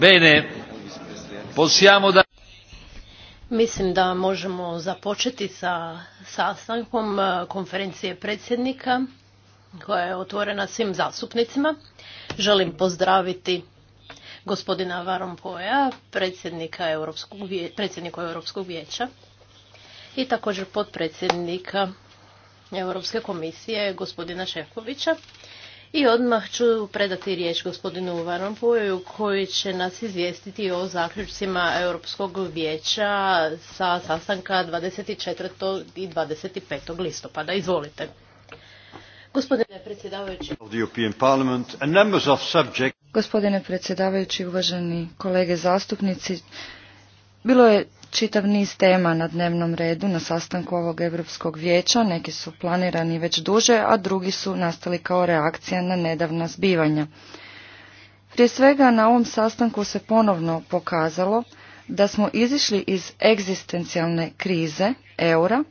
Bene, possiamo da... Mislim da možemo započeti sa sastankom e, konferencije predsjednika koja je otvorena svim zastupnicima. Želim pozdraviti gospodina poja predsjednika Europskog, predsjednika Europskog vijeća i također potpredsjednika Europske komisije gospodina Šefkovića i odmah ću predati riječ gospodinu Varampuju koji će nas izvijestiti o zaključcima Europskog vijeća sa sastanka 24. i 25. listopada. Izvolite. Gospodine predsjedavajući, Gospodine predsjedavajući, uvaženi kolege zastupnici, bilo je čitav niz tema na dnevnom redu na sastanku ovog Europskog vijeća, neki su planirani već duže, a drugi su nastali kao reakcija na nedavna zbivanja. Prije svega na ovom sastanku se ponovno pokazalo da smo izišli iz egzistencijalne krize eura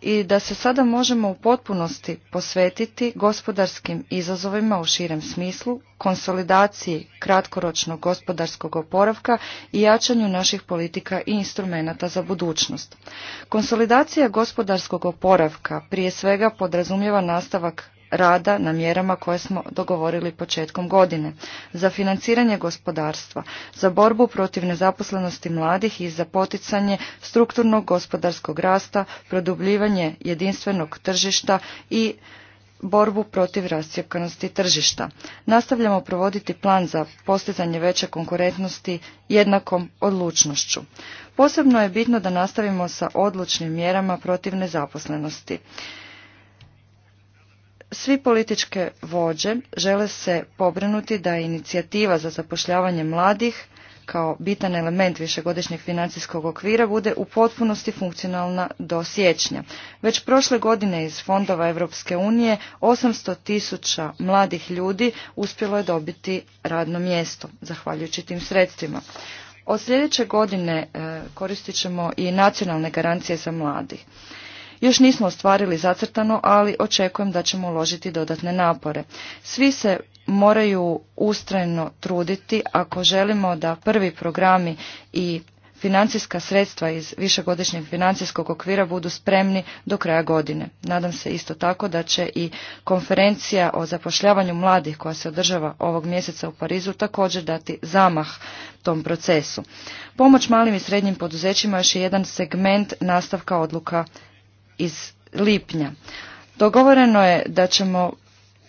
i da se sada možemo u potpunosti posvetiti gospodarskim izazovima u širem smislu, konsolidaciji kratkoročnog gospodarskog oporavka i jačanju naših politika i instrumenata za budućnost. Konsolidacija gospodarskog oporavka prije svega podrazumijeva nastavak rada na mjerama koje smo dogovorili početkom godine, za financiranje gospodarstva, za borbu protiv nezaposlenosti mladih i za poticanje strukturnog gospodarskog rasta, produbljivanje jedinstvenog tržišta i borbu protiv rascijepkanosti tržišta. Nastavljamo provoditi plan za postizanje veće konkurentnosti jednakom odlučnošću. Posebno je bitno da nastavimo sa odlučnim mjerama protiv nezaposlenosti. Svi političke vođe žele se pobrinuti da je inicijativa za zapošljavanje mladih kao bitan element višegodišnjeg financijskog okvira bude u potpunosti funkcionalna do siječnja. Već prošle godine iz fondova Europske unije 800 tisuća mladih ljudi uspjelo je dobiti radno mjesto, zahvaljujući tim sredstvima. Od sljedeće godine e, koristit ćemo i nacionalne garancije za mladih. Još nismo ostvarili zacrtano, ali očekujem da ćemo uložiti dodatne napore. Svi se moraju ustrajno truditi ako želimo da prvi programi i financijska sredstva iz višegodišnjeg financijskog okvira budu spremni do kraja godine. Nadam se isto tako da će i konferencija o zapošljavanju mladih koja se održava ovog mjeseca u Parizu također dati zamah tom procesu. Pomoć malim i srednjim poduzećima još je jedan segment nastavka odluka iz lipnja. Dogovoreno je da ćemo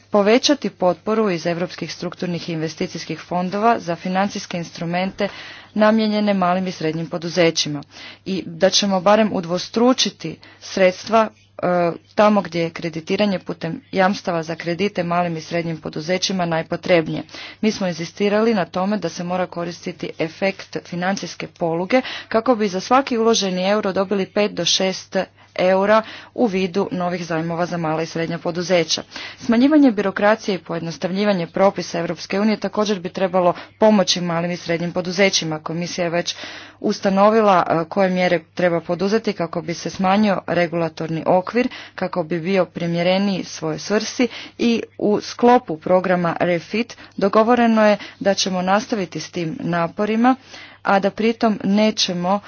povećati potporu iz europskih strukturnih i investicijskih fondova za financijske instrumente namijenjene malim i srednjim poduzećima i da ćemo barem udvostručiti sredstva e, tamo gdje je kreditiranje putem jamstava za kredite malim i srednjim poduzećima najpotrebnije. Mi smo insistirali na tome da se mora koristiti efekt financijske poluge kako bi za svaki uloženi euro dobili 5 do 6 eura u vidu novih zajmova za mala i srednja poduzeća. Smanjivanje birokracije i pojednostavljivanje propisa Europske unije također bi trebalo pomoći malim i srednjim poduzećima. Komisija je već ustanovila e, koje mjere treba poduzeti kako bi se smanjio regulatorni okvir, kako bi bio primjereniji svoje svrsi i u sklopu programa REFIT dogovoreno je da ćemo nastaviti s tim naporima a da pritom nećemo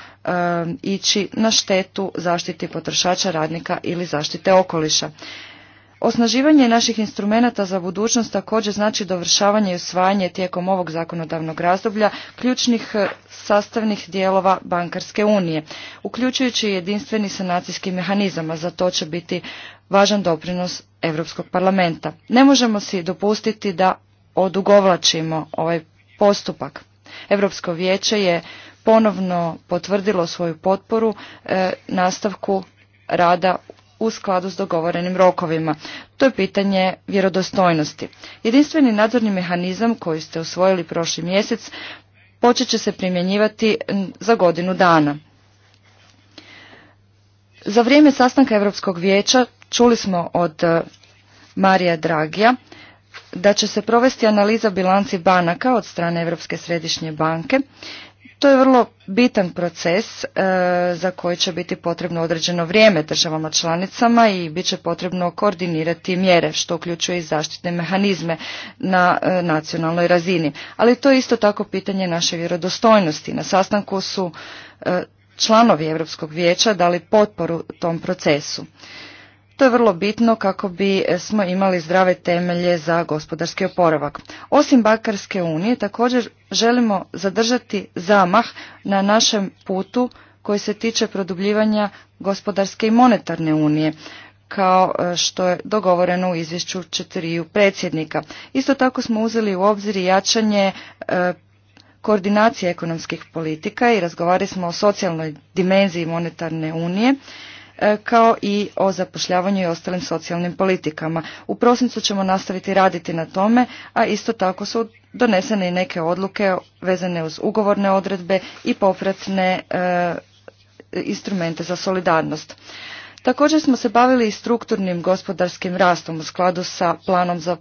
ići na štetu zaštiti potrošača radnika ili zaštite okoliša. Osnaživanje naših instrumenata za budućnost također znači dovršavanje i usvajanje tijekom ovog zakonodavnog razdoblja ključnih eh, sastavnih dijelova bankarske unije, uključujući jedinstveni sanacijski mehanizama. Za to će biti važan doprinos Europskog parlamenta. Ne možemo si dopustiti da odugovlačimo ovaj postupak. Europsko vijeće je ponovno potvrdilo svoju potporu e, nastavku rada u skladu s dogovorenim rokovima. To je pitanje vjerodostojnosti. Jedinstveni nadzorni mehanizam koji ste usvojili prošli mjesec počet će se primjenjivati za godinu dana. Za vrijeme sastanka Europskog vijeća čuli smo od e, Marija Dragija da će se provesti analiza bilanci banaka od strane Europske središnje banke. To je vrlo bitan proces e, za koji će biti potrebno određeno vrijeme državama članicama i bit će potrebno koordinirati mjere što uključuje i zaštitne mehanizme na e, nacionalnoj razini. Ali to je isto tako pitanje naše vjerodostojnosti. Na sastanku su e, članovi Europskog vijeća dali potporu tom procesu. To je vrlo bitno kako bi e, smo imali zdrave temelje za gospodarski oporavak. Osim Bakarske unije također želimo zadržati zamah na našem putu koji se tiče produbljivanja gospodarske i monetarne unije kao e, što je dogovoreno u izvješću četiriju predsjednika. Isto tako smo uzeli u obzir jačanje e, koordinacije ekonomskih politika i razgovarali smo o socijalnoj dimenziji monetarne unije E, kao i o zapošljavanju i ostalim socijalnim politikama. U prosincu ćemo nastaviti raditi na tome, a isto tako su donesene i neke odluke vezane uz ugovorne odredbe i popratne e, instrumente za solidarnost. Također smo se bavili i strukturnim gospodarskim rastom u skladu sa planom za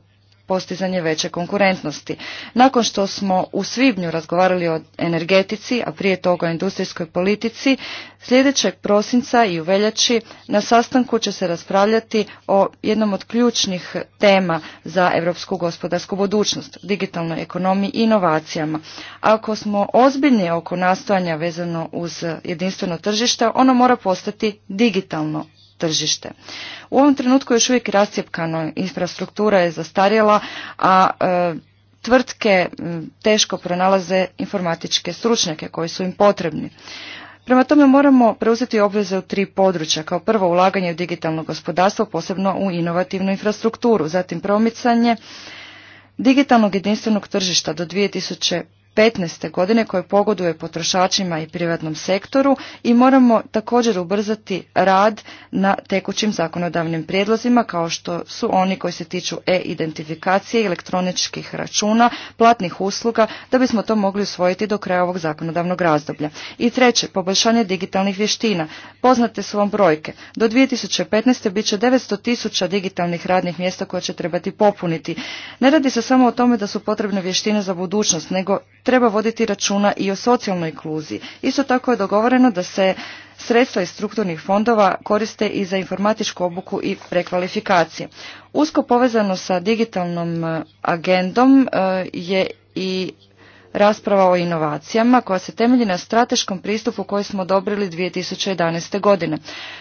postizanje veće konkurentnosti. Nakon što smo u svibnju razgovarali o energetici, a prije toga o industrijskoj politici, sljedećeg prosinca i u veljači na sastanku će se raspravljati o jednom od ključnih tema za europsku gospodarsku budućnost, digitalnoj ekonomiji i inovacijama. Ako smo ozbiljni oko nastojanja vezano uz jedinstveno tržište, ono mora postati digitalno tržište. U ovom trenutku još uvijek rascijepkano infrastruktura je zastarjela, a e, tvrtke teško pronalaze informatičke stručnjake koji su im potrebni. Prema tome moramo preuzeti obveze u tri područja, kao prvo ulaganje u digitalno gospodarstvo, posebno u inovativnu infrastrukturu, zatim promicanje digitalnog jedinstvenog tržišta do 2015. godine koje pogoduje potrošačima i privatnom sektoru i moramo također ubrzati rad na tekućim zakonodavnim prijedlozima kao što su oni koji se tiču e-identifikacije, elektroničkih računa, platnih usluga da bismo to mogli usvojiti do kraja ovog zakonodavnog razdoblja. I treće, poboljšanje digitalnih vještina. Poznate su vam brojke. Do 2015. bit će 900 tisuća digitalnih radnih mjesta koje će trebati popuniti. Ne radi se samo o tome da su potrebne vještine za budućnost, nego treba voditi računa i o socijalnoj kluzi. Isto tako je dogovoreno da se sredstva iz strukturnih fondova koriste i za informatičku obuku i prekvalifikacije. Usko povezano sa digitalnom e, agendom e, je i rasprava o inovacijama koja se temelji na strateškom pristupu koji smo odobrili 2011. godine.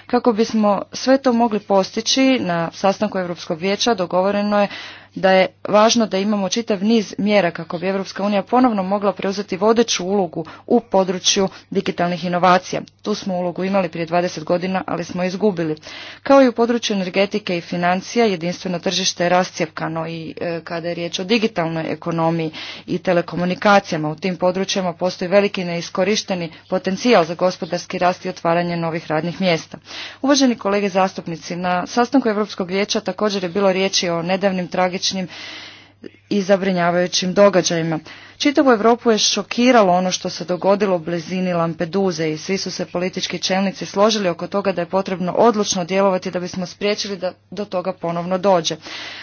Kako bismo sve to mogli postići na sastanku Europskog vijeća dogovoreno je da je važno da imamo čitav niz mjera kako bi Europska unija ponovno mogla preuzeti vodeću ulogu u području digitalnih inovacija. Tu smo ulogu imali prije 20 godina, ali smo izgubili. Kao i u području energetike i financija, jedinstveno tržište je rascijepkano i e, kada je riječ o digitalnoj ekonomiji i telekomunikacijama. U tim područjima postoji veliki neiskorišteni potencijal za gospodarski rast i otvaranje novih radnih mjesta. Uvaženi kolege zastupnici, na sastanku Europskog vijeća također je bilo riječi o nedavnim tragičnim tragičnim i zabrinjavajućim događajima. Čitavu Europu je šokiralo ono što se dogodilo u blizini Lampeduze i svi su se politički čelnici složili oko toga da je potrebno odlučno djelovati da bismo spriječili da do toga ponovno dođe.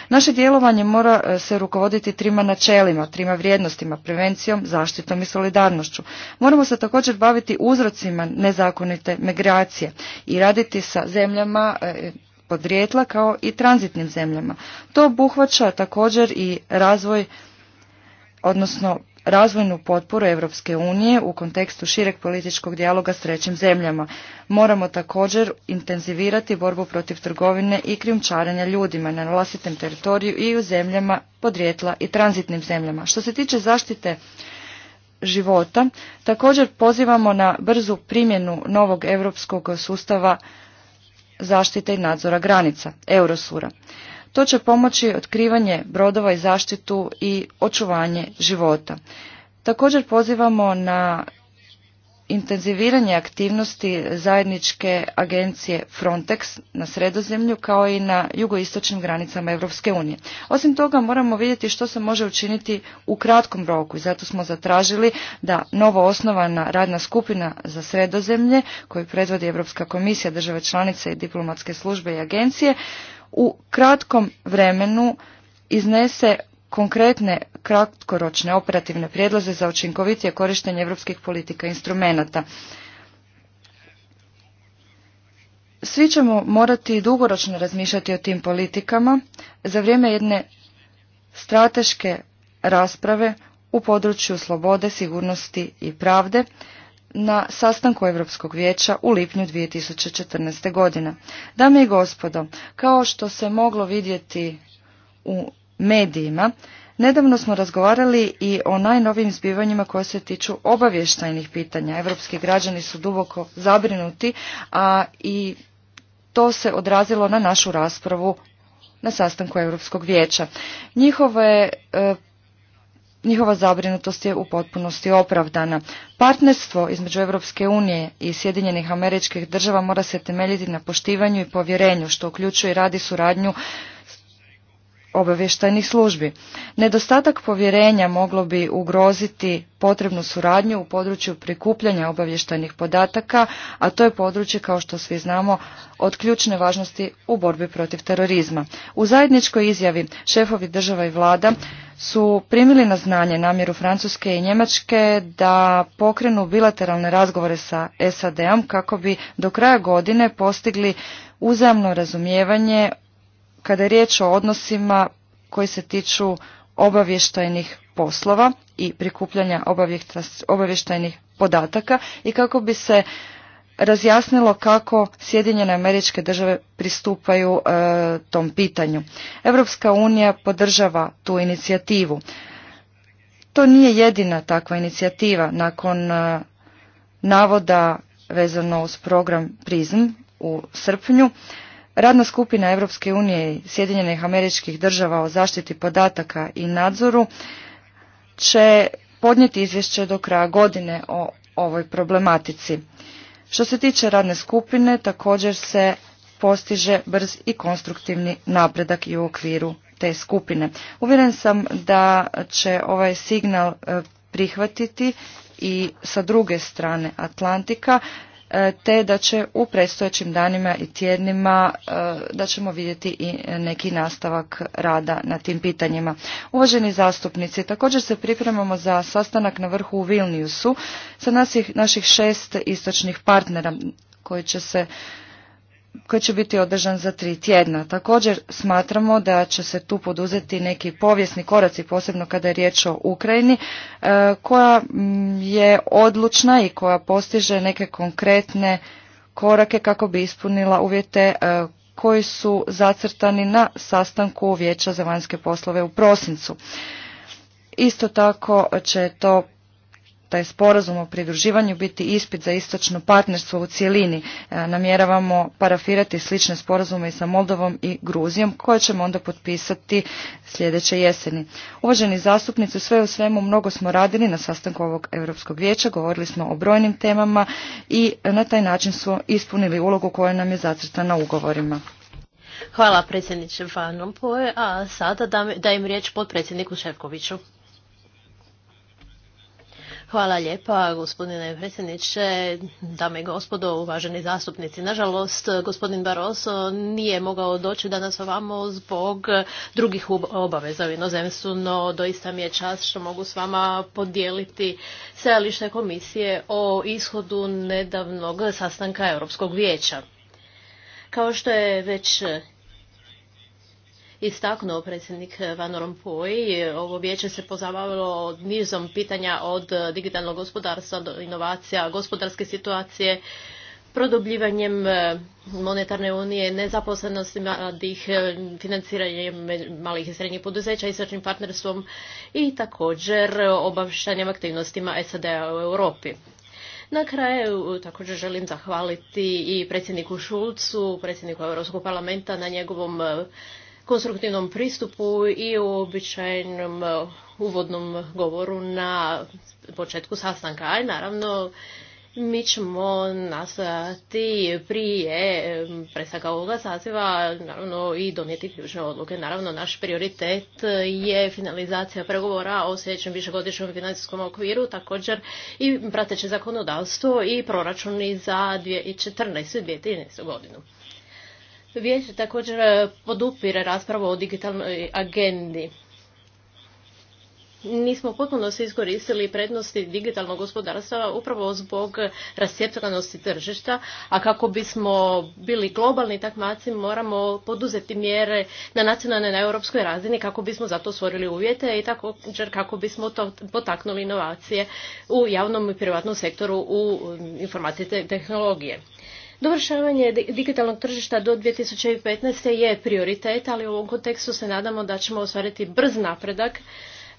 Naše djelovanje mora e, se rukovoditi trima načelima, trima vrijednostima, prevencijom, zaštitom i solidarnošću. Moramo se također baviti uzrocima nezakonite migracije i raditi sa zemljama e, podrijetla kao i tranzitnim zemljama. To obuhvaća također i razvoj, odnosno razvojnu potporu Europske unije u kontekstu šireg političkog dijaloga s trećim zemljama. Moramo također intenzivirati borbu protiv trgovine i krijumčarenja ljudima na vlastitem teritoriju i u zemljama podrijetla i tranzitnim zemljama. Što se tiče zaštite života, također pozivamo na brzu primjenu novog europskog sustava zaštite i nadzora granica, Eurosura. To će pomoći otkrivanje brodova i zaštitu i očuvanje života. Također pozivamo na intenziviranje aktivnosti zajedničke agencije Frontex na sredozemlju kao i na jugoistočnim granicama Europske unije. Osim toga moramo vidjeti što se može učiniti u kratkom roku i zato smo zatražili da novo osnovana radna skupina za sredozemlje koju predvodi Europska komisija, države članice i diplomatske službe i agencije u kratkom vremenu iznese konkretne kratkoročne operativne prijedloze za učinkovitije korištenje europskih politika i instrumenata. Svi ćemo morati dugoročno razmišljati o tim politikama za vrijeme jedne strateške rasprave u području slobode, sigurnosti i pravde na sastanku Europskog vijeća u lipnju 2014. godine. Dame i gospodo, kao što se moglo vidjeti u medijima, Nedavno smo razgovarali i o najnovijim zbivanjima koja se tiču obavještajnih pitanja. Evropski građani su duboko zabrinuti, a i to se odrazilo na našu raspravu na sastanku Europskog vijeća. Njihove e, Njihova zabrinutost je u potpunosti opravdana. Partnerstvo između Europske unije i Sjedinjenih američkih država mora se temeljiti na poštivanju i povjerenju, što uključuje radi suradnju obavještajnih službi. Nedostatak povjerenja moglo bi ugroziti potrebnu suradnju u području prikupljanja obavještajnih podataka, a to je područje, kao što svi znamo, od ključne važnosti u borbi protiv terorizma. U zajedničkoj izjavi šefovi država i vlada su primili na znanje namjeru Francuske i Njemačke da pokrenu bilateralne razgovore sa SAD-om kako bi do kraja godine postigli uzajamno razumijevanje kada je riječ o odnosima koji se tiču obavještajnih poslova i prikupljanja obavještajnih podataka i kako bi se razjasnilo kako Sjedinjene američke države pristupaju e, tom pitanju. Europska unija podržava tu inicijativu. To nije jedina takva inicijativa. Nakon e, navoda vezano uz program PRISM u srpnju, Radna skupina Europske unije i Sjedinjenih američkih država o zaštiti podataka i nadzoru će podnijeti izvješće do kraja godine o ovoj problematici. Što se tiče radne skupine, također se postiže brz i konstruktivni napredak i u okviru te skupine. Uvjeren sam da će ovaj signal e, prihvatiti i sa druge strane Atlantika E, te da će u predstojećim danima i tjednima e, da ćemo vidjeti i neki nastavak rada na tim pitanjima. Uvaženi zastupnici, također se pripremamo za sastanak na vrhu u Vilniusu sa nasih, naših šest istočnih partnera koji će se koji će biti održan za tri tjedna. Također smatramo da će se tu poduzeti neki povijesni koraci, posebno kada je riječ o Ukrajini, e, koja mm, je odlučna i koja postiže neke konkretne korake kako bi ispunila uvjete e, koji su zacrtani na sastanku Vijeća za vanjske poslove u prosincu. Isto tako će to taj sporazum o pridruživanju biti ispit za istočno partnerstvo u cjelini. E, namjeravamo parafirati slične sporazume i sa Moldovom i Gruzijom koje ćemo onda potpisati sljedeće jeseni. Uvaženi zastupnici, sve u svemu mnogo smo radili na sastanku ovog Europskog vijeća, govorili smo o brojnim temama i na taj način smo ispunili ulogu koja nam je zacrtana ugovorima. Hvala predsjedniče Van a sada dajem riječ potpredsjedniku Ševkoviću. Hvala lijepa, gospodine predsjedniče, dame i gospodo, uvaženi zastupnici. Nažalost, gospodin Barroso nije mogao doći danas ovamo zbog drugih obaveza u inozemstvu, no doista mi je čast što mogu s vama podijeliti stajalište komisije o ishodu nedavnog sastanka Europskog vijeća. Kao što je već istaknuo predsjednik Van Rompuy. Ovo vijeće se pozabavilo nizom pitanja od digitalnog gospodarstva do inovacija, gospodarske situacije, produbljivanjem e, monetarne unije, nezaposlenosti mladih, e, financiranjem malih i srednjih poduzeća, istračnim partnerstvom i također obavštanjem aktivnostima sad u Europi. Na kraju također želim zahvaliti i predsjedniku Šulcu, predsjedniku Europskog parlamenta na njegovom e, konstruktivnom pristupu i u običajnom eh, uvodnom govoru na početku sastanka. i naravno, mi ćemo nastojati prije eh, prestanka ovoga saziva naravno i donijeti ključne odluke. Naravno, naš prioritet je finalizacija pregovora o sljedećem višegodišnjem financijskom okviru, također i prateće zakonodavstvo i proračuni za 2014. i 2013. godinu. Vijeće također e, podupire raspravu o digitalnoj agendi. Nismo potpuno se iskoristili prednosti digitalnog gospodarstva upravo zbog rasjepkanosti tržišta, a kako bismo bili globalni takmaci moramo poduzeti mjere na nacionalnoj i na europskoj razini kako bismo za to stvorili uvjete i također kako bismo to potaknuli inovacije u javnom i privatnom sektoru u informacije tehnologije. Dovršavanje digitalnog tržišta do 2015. je prioritet, ali u ovom kontekstu se nadamo da ćemo ostvariti brz napredak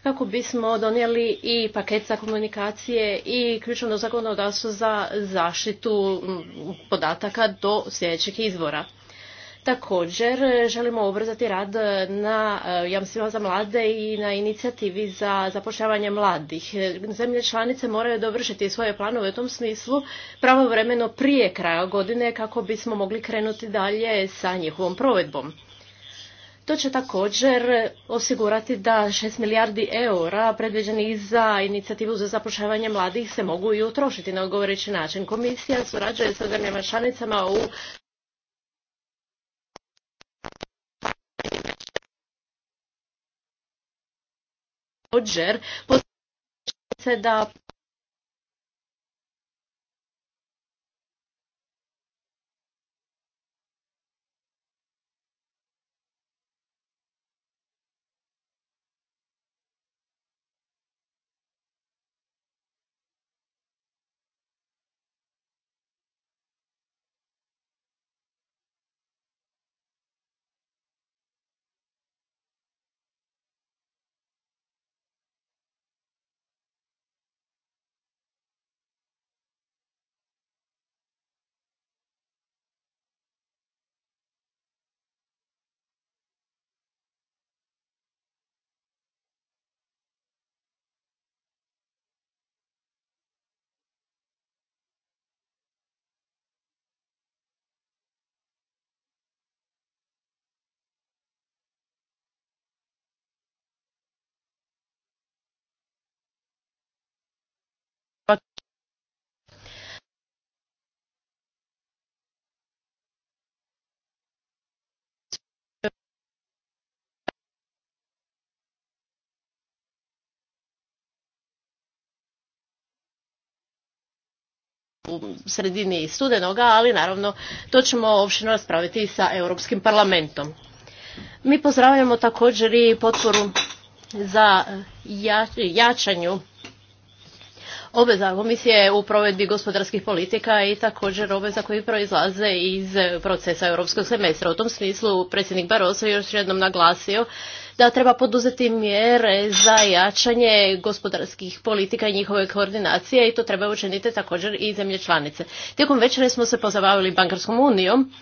kako bismo donijeli i paket za komunikacije i ključno zakonodavstvo za zaštitu podataka do sljedećeg izvora. Također želimo ubrzati rad na eh, jamstvima za mlade i na inicijativi za zapošljavanje mladih. Zemlje članice moraju dovršiti svoje planove u tom smislu pravovremeno prije kraja godine kako bismo mogli krenuti dalje sa njihovom provedbom. To će također osigurati da 6 milijardi eura predviđenih za inicijativu za zapošljavanje mladih se mogu i utrošiti na odgovarajući način. Komisija surađuje sa zemljama članicama u također se da u sredini studenoga, ali naravno to ćemo opširno raspraviti sa Europskim parlamentom. Mi pozdravljamo također i potporu za jačanju obveza komisije u provedbi gospodarskih politika i također obveza koji proizlaze iz procesa europskog semestra. U tom smislu predsjednik Barroso još jednom naglasio da treba poduzeti mjere za jačanje gospodarskih politika i njihove koordinacije i to treba učiniti također i zemlje članice. Tijekom večere smo se pozabavili bankarskom unijom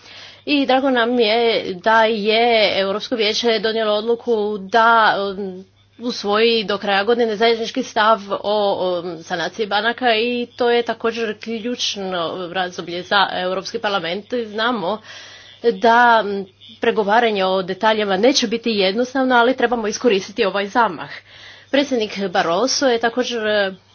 i drago nam je da je Europsko vijeće donijelo odluku da um, usvoji do kraja godine zajednički stav o sanaciji banaka i to je također ključno razdoblje za Europski parlament. Znamo da pregovaranje o detaljima neće biti jednostavno, ali trebamo iskoristiti ovaj zamah. Predsjednik Barroso je također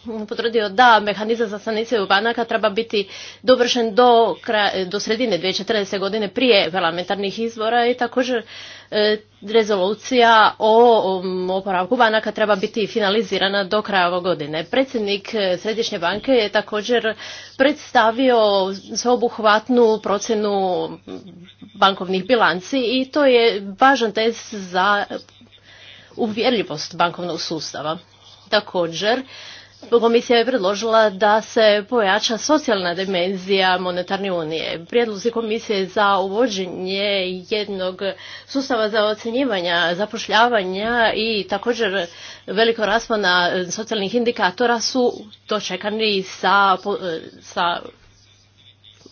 potvrdio da mehanizam za sanaciju banaka treba biti dovršen do, kraja, do sredine 2014. godine prije parlamentarnih izbora i također e, rezolucija o oporavku banaka treba biti finalizirana do kraja ove godine. Predsjednik e, Središnje banke je također predstavio sveobuhvatnu procjenu bankovnih bilanci i to je važan test za uvjerljivost bankovnog sustava. Također, Komisija je predložila da se pojača socijalna dimenzija monetarne unije. Prijedlozi komisije za uvođenje jednog sustava za ocjenjivanja, zapošljavanja i također veliko raspona socijalnih indikatora su dočekani sa, sa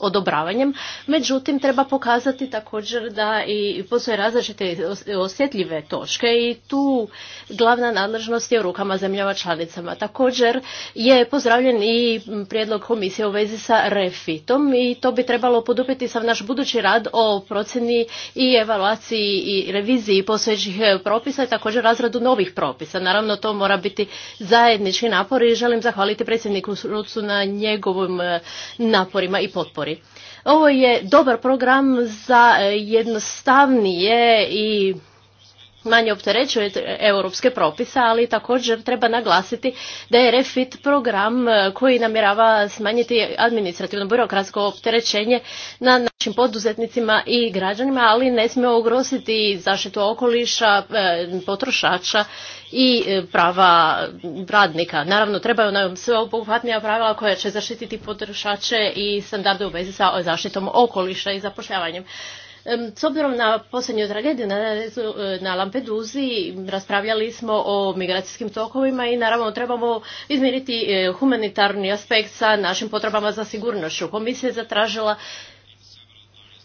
odobravanjem. Međutim, treba pokazati također da i postoje različite osjetljive točke i tu glavna nadležnost je u rukama zemljava članicama. Također je pozdravljen i prijedlog komisije u vezi sa refitom i to bi trebalo podupiti sa naš budući rad o procjeni i evaluaciji i reviziji postojećih e, propisa i također razradu novih propisa. Naravno, to mora biti zajednički napor i želim zahvaliti predsjedniku Rucu na njegovim e, naporima i potpori. Ovo je dobar program za eh, jednostavnije i manje opterećuje europske propise, ali također treba naglasiti da je REFIT program e, koji namjerava smanjiti administrativno birokratsko opterećenje na našim poduzetnicima i građanima, ali ne smije ugroziti zaštitu okoliša, e, potrošača i e, prava radnika. Naravno, trebaju nam sve obuhvatnija pravila koja će zaštititi potrošače i standarde u vezi sa zaštitom okoliša i zapošljavanjem. S obzirom na posljednju tragediju na Lampeduzi raspravljali smo o migracijskim tokovima i naravno trebamo izmiriti eh, humanitarni aspekt sa našim potrebama za sigurnošću. Komisija je zatražila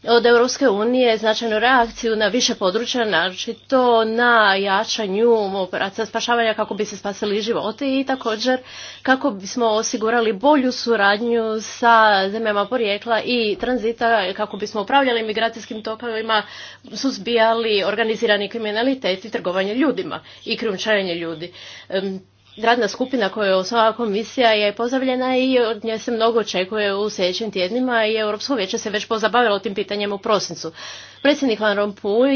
od Europske unije značajnu reakciju na više područja, to na jačanju operacija spašavanja kako bi se spasili živote i također kako bismo osigurali bolju suradnju sa zemljama porijekla i tranzita kako bismo upravljali migracijskim tokovima, suzbijali organizirani kriminalitet i trgovanje ljudima i krijumčarenje ljudi radna skupina koju je komisija je pozdravljena i od nje se mnogo očekuje u sljedećim tjednima i Europsko vijeće se već pozabavilo tim pitanjem u prosincu. Predsjednik Van Rompuy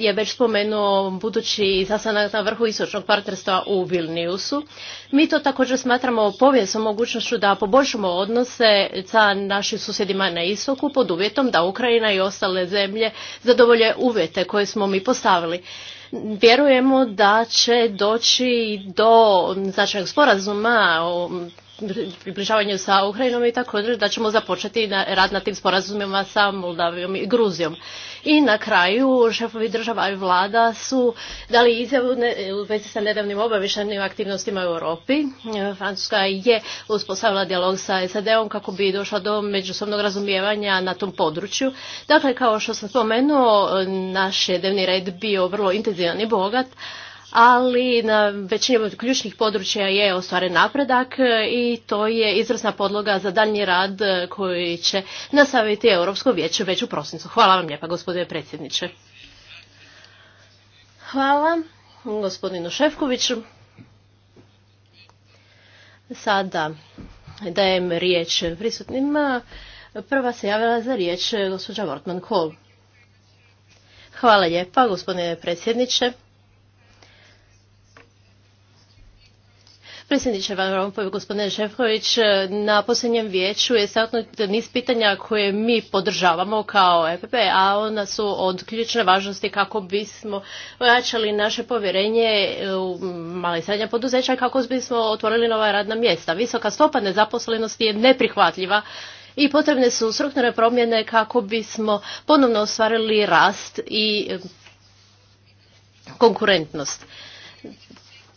je, već spomenuo budući sastanak na vrhu istočnog partnerstva u Vilniusu. Mi to također smatramo povijesnom mogućnošću da poboljšamo odnose sa našim susjedima na istoku pod uvjetom da Ukrajina i ostale zemlje zadovolje uvjete koje smo mi postavili. Vjerujemo da će doći do značajnog sporazuma o približavanju sa Ukrajinom i također da ćemo započeti rad na tim sporazumima sa Moldavijom i Gruzijom. I na kraju šefovi država i vlada su dali izjavu u vezi sa nedavnim obavišenim aktivnostima u Europi. Francuska je uspostavila dijalog sa SAD-om kako bi došla do međusobnog razumijevanja na tom području. Dakle, kao što sam spomenuo, naš dnevni red bio vrlo intenzivan i bogat, ali na većini ključnih područja je ostvaren napredak i to je izvrsna podloga za daljnji rad koji će nastaviti Europsko vijeće već u prosincu. Hvala vam lijepa gospodine predsjedniče. Hvala gospodinu Šefkoviću. Sada dajem riječ prisutnima. Prva se javila za riječ gospođa Wortman Kohl. Hvala lijepa gospodine predsjedniče. Predsjedniče Van Rompuy, gospodine Šefković, na posljednjem vijeću je istaknut niz pitanja koje mi podržavamo kao EPP, a ona su od ključne važnosti kako bismo ojačali naše povjerenje u mala i srednja poduzeća kako bismo otvorili nova radna mjesta. Visoka stopa nezaposlenosti je neprihvatljiva i potrebne su strukturne promjene kako bismo ponovno ostvarili rast i konkurentnost.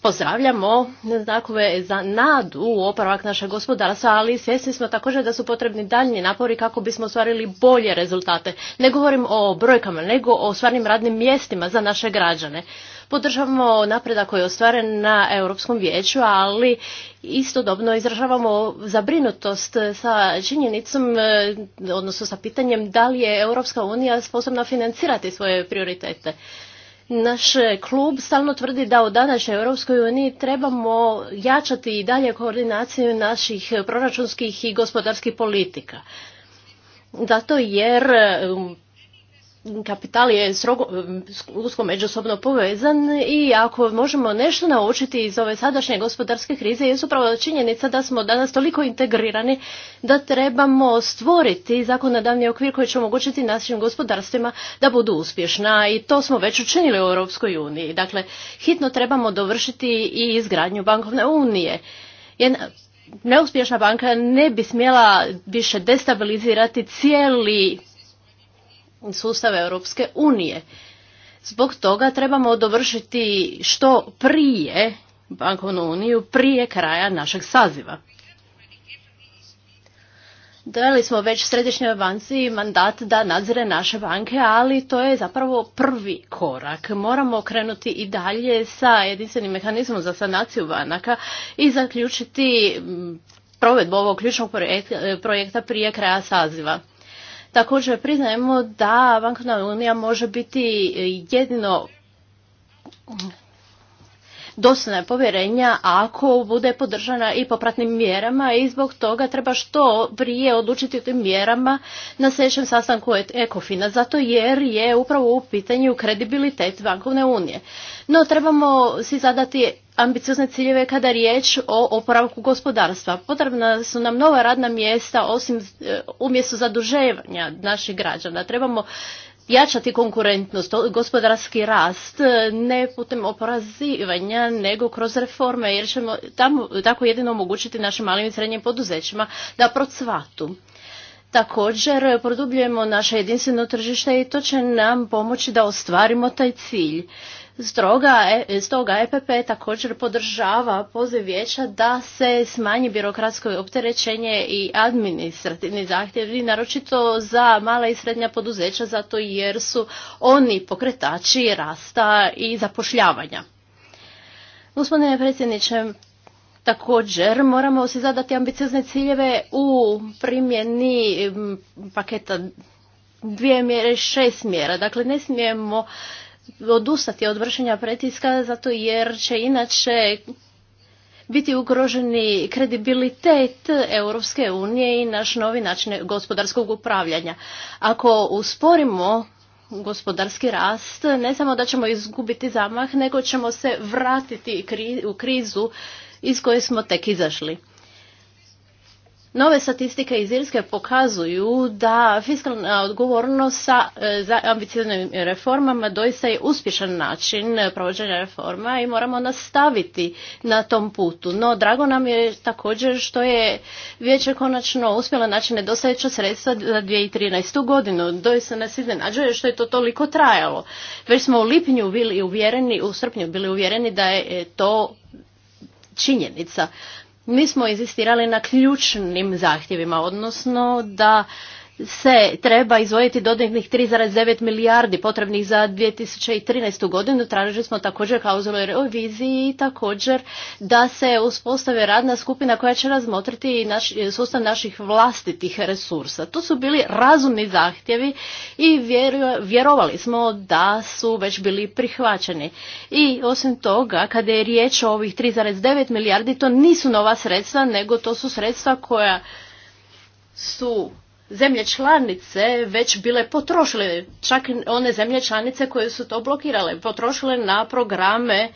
Pozdravljamo znakove za nadu u oporavak našeg gospodarstva, ali svjesni smo također da su potrebni daljnji napori kako bismo ostvarili bolje rezultate. Ne govorim o brojkama, nego o stvarnim radnim mjestima za naše građane. Podržavamo napredak koji je ostvaren na Europskom vijeću, ali istodobno izražavamo zabrinutost sa činjenicom, e, odnosno sa pitanjem da li je Europska unija sposobna financirati svoje prioritete. Naš klub stalno tvrdi da u današnjoj Europskoj uniji trebamo jačati i dalje koordinaciju naših proračunskih i gospodarskih politika. Zato jer um, kapital je srogo, usko međusobno povezan i ako možemo nešto naučiti iz ove sadašnje gospodarske krize je upravo činjenica da smo danas toliko integrirani da trebamo stvoriti zakonodavni okvir koji će omogućiti našim gospodarstvima da budu uspješna i to smo već učinili u Europskoj uniji. Dakle, hitno trebamo dovršiti i izgradnju bankovne unije. Jedna neuspješna banka ne bi smjela više destabilizirati cijeli sustav Europske unije. Zbog toga trebamo dovršiti što prije bankovnu uniju, prije kraja našeg saziva. Dali smo već središnjoj banci mandat da nadzire naše banke, ali to je zapravo prvi korak. Moramo krenuti i dalje sa jedinstvenim mehanizmom za sanaciju banaka i zaključiti mm, provedbu ovog ključnog projekta prije kraja saziva. Također priznajemo da bankovna unija može biti jedino dostojna povjerenja ako bude podržana i popratnim mjerama i zbog toga treba što prije odlučiti o tim mjerama na sljedećem sastanku e- Ekofina, zato jer je upravo u pitanju kredibilitet bankovne unije. No trebamo si zadati ambiciozne ciljeve kada je riječ o oporavku gospodarstva. Potrebna su nam nova radna mjesta osim e, umjesto zaduževanja naših građana. Trebamo jačati konkurentnost, gospodarski rast, e, ne putem oporazivanja, nego kroz reforme, jer ćemo tako jedino omogućiti našim malim i srednjim poduzećima da procvatu. Također, produbljujemo naše jedinstveno tržište i to će nam pomoći da ostvarimo taj cilj. Stroga, e, stoga EPP također podržava poziv vijeća da se smanji birokratsko opterećenje i administrativni zahtjevi, naročito za mala i srednja poduzeća, zato jer su oni pokretači rasta i zapošljavanja. Gospodine predsjedniče, Također moramo se zadati ambiciozne ciljeve u primjeni paketa dvije mjere, šest mjera. Dakle, ne smijemo odustati od vršenja pretiska zato jer će inače biti ugroženi kredibilitet Europske unije i naš novi način gospodarskog upravljanja. Ako usporimo gospodarski rast, ne samo da ćemo izgubiti zamah, nego ćemo se vratiti u krizu iz koje smo tek izašli. Nove statistike iz Irske pokazuju da fiskalna odgovornost sa e, ambicioznim reformama doista je uspješan način provođenja reforma i moramo nastaviti na tom putu. No, drago nam je također što je vijeće konačno uspjelo naći nedostajeća sredstva za 2013. godinu. Doista nas iznenađuje što je to toliko trajalo. Već smo u lipnju bili uvjereni, u srpnju bili uvjereni da je to činjenica. Mi smo inzistirali na ključnim zahtjevima, odnosno da se treba izvojiti dodatnih 3,9 milijardi potrebnih za 2013. godinu. Tražili smo također klauzulu reviziji i također da se uspostave radna skupina koja će razmotriti naš, sustav naših vlastitih resursa. To su bili razumni zahtjevi i vjerovali smo da su već bili prihvaćeni. I osim toga, kada je riječ o ovih 3,9 milijardi, to nisu nova sredstva, nego to su sredstva koja su zemlje članice već bile potrošile, čak one zemlje članice koje su to blokirale, potrošile na programe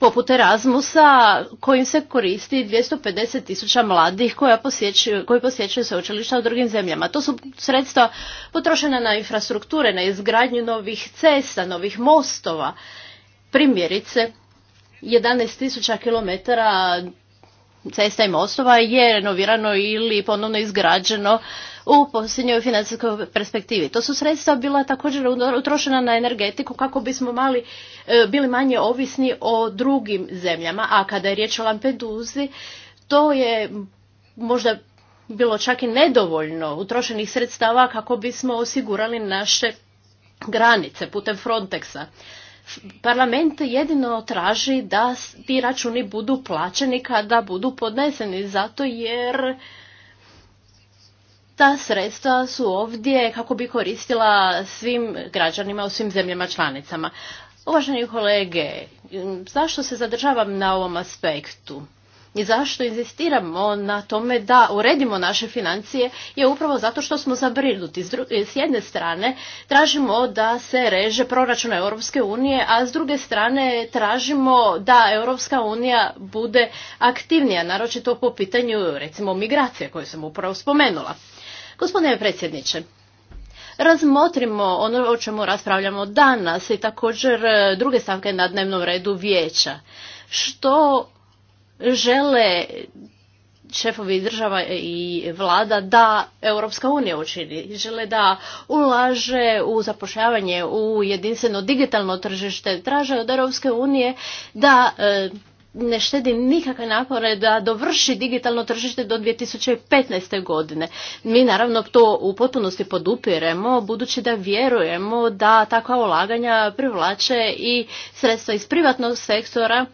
poput Erasmusa kojim se koristi 250 tisuća mladih koja posjećuju, koji posjećuju sveučilišta u drugim zemljama. To su sredstva potrošena na infrastrukture, na izgradnju novih cesta, novih mostova. Primjerice, 11 tisuća kilometara cesta i mostova je renovirano ili ponovno izgrađeno u posljednjoj financijskoj perspektivi. To su sredstva bila također utrošena na energetiku kako bismo mali, e, bili manje ovisni o drugim zemljama, a kada je riječ o Lampeduzi, to je možda bilo čak i nedovoljno utrošenih sredstava kako bismo osigurali naše granice putem Frontexa parlament jedino traži da ti računi budu plaćeni kada budu podneseni, zato jer ta sredstva su ovdje kako bi koristila svim građanima u svim zemljama članicama. Uvaženi kolege, zašto se zadržavam na ovom aspektu? i zašto inzistiramo na tome da uredimo naše financije je upravo zato što smo zabrinuti. E, s jedne strane tražimo da se reže proračun Europske unije, a s druge strane tražimo da Europska unija bude aktivnija, naročito po pitanju recimo migracije koju sam upravo spomenula. Gospodine predsjedniče, razmotrimo ono o čemu raspravljamo danas i također e, druge stavke na dnevnom redu vijeća. Što žele šefovi država i vlada da Europska unija učini. Žele da ulaže u zapošljavanje u jedinstveno digitalno tržište. Traže od Europske unije da e, ne štedi nikakve napore da dovrši digitalno tržište do 2015. godine. Mi naravno to u potpunosti podupiremo, budući da vjerujemo da takva ulaganja privlače i sredstva iz privatnog sektora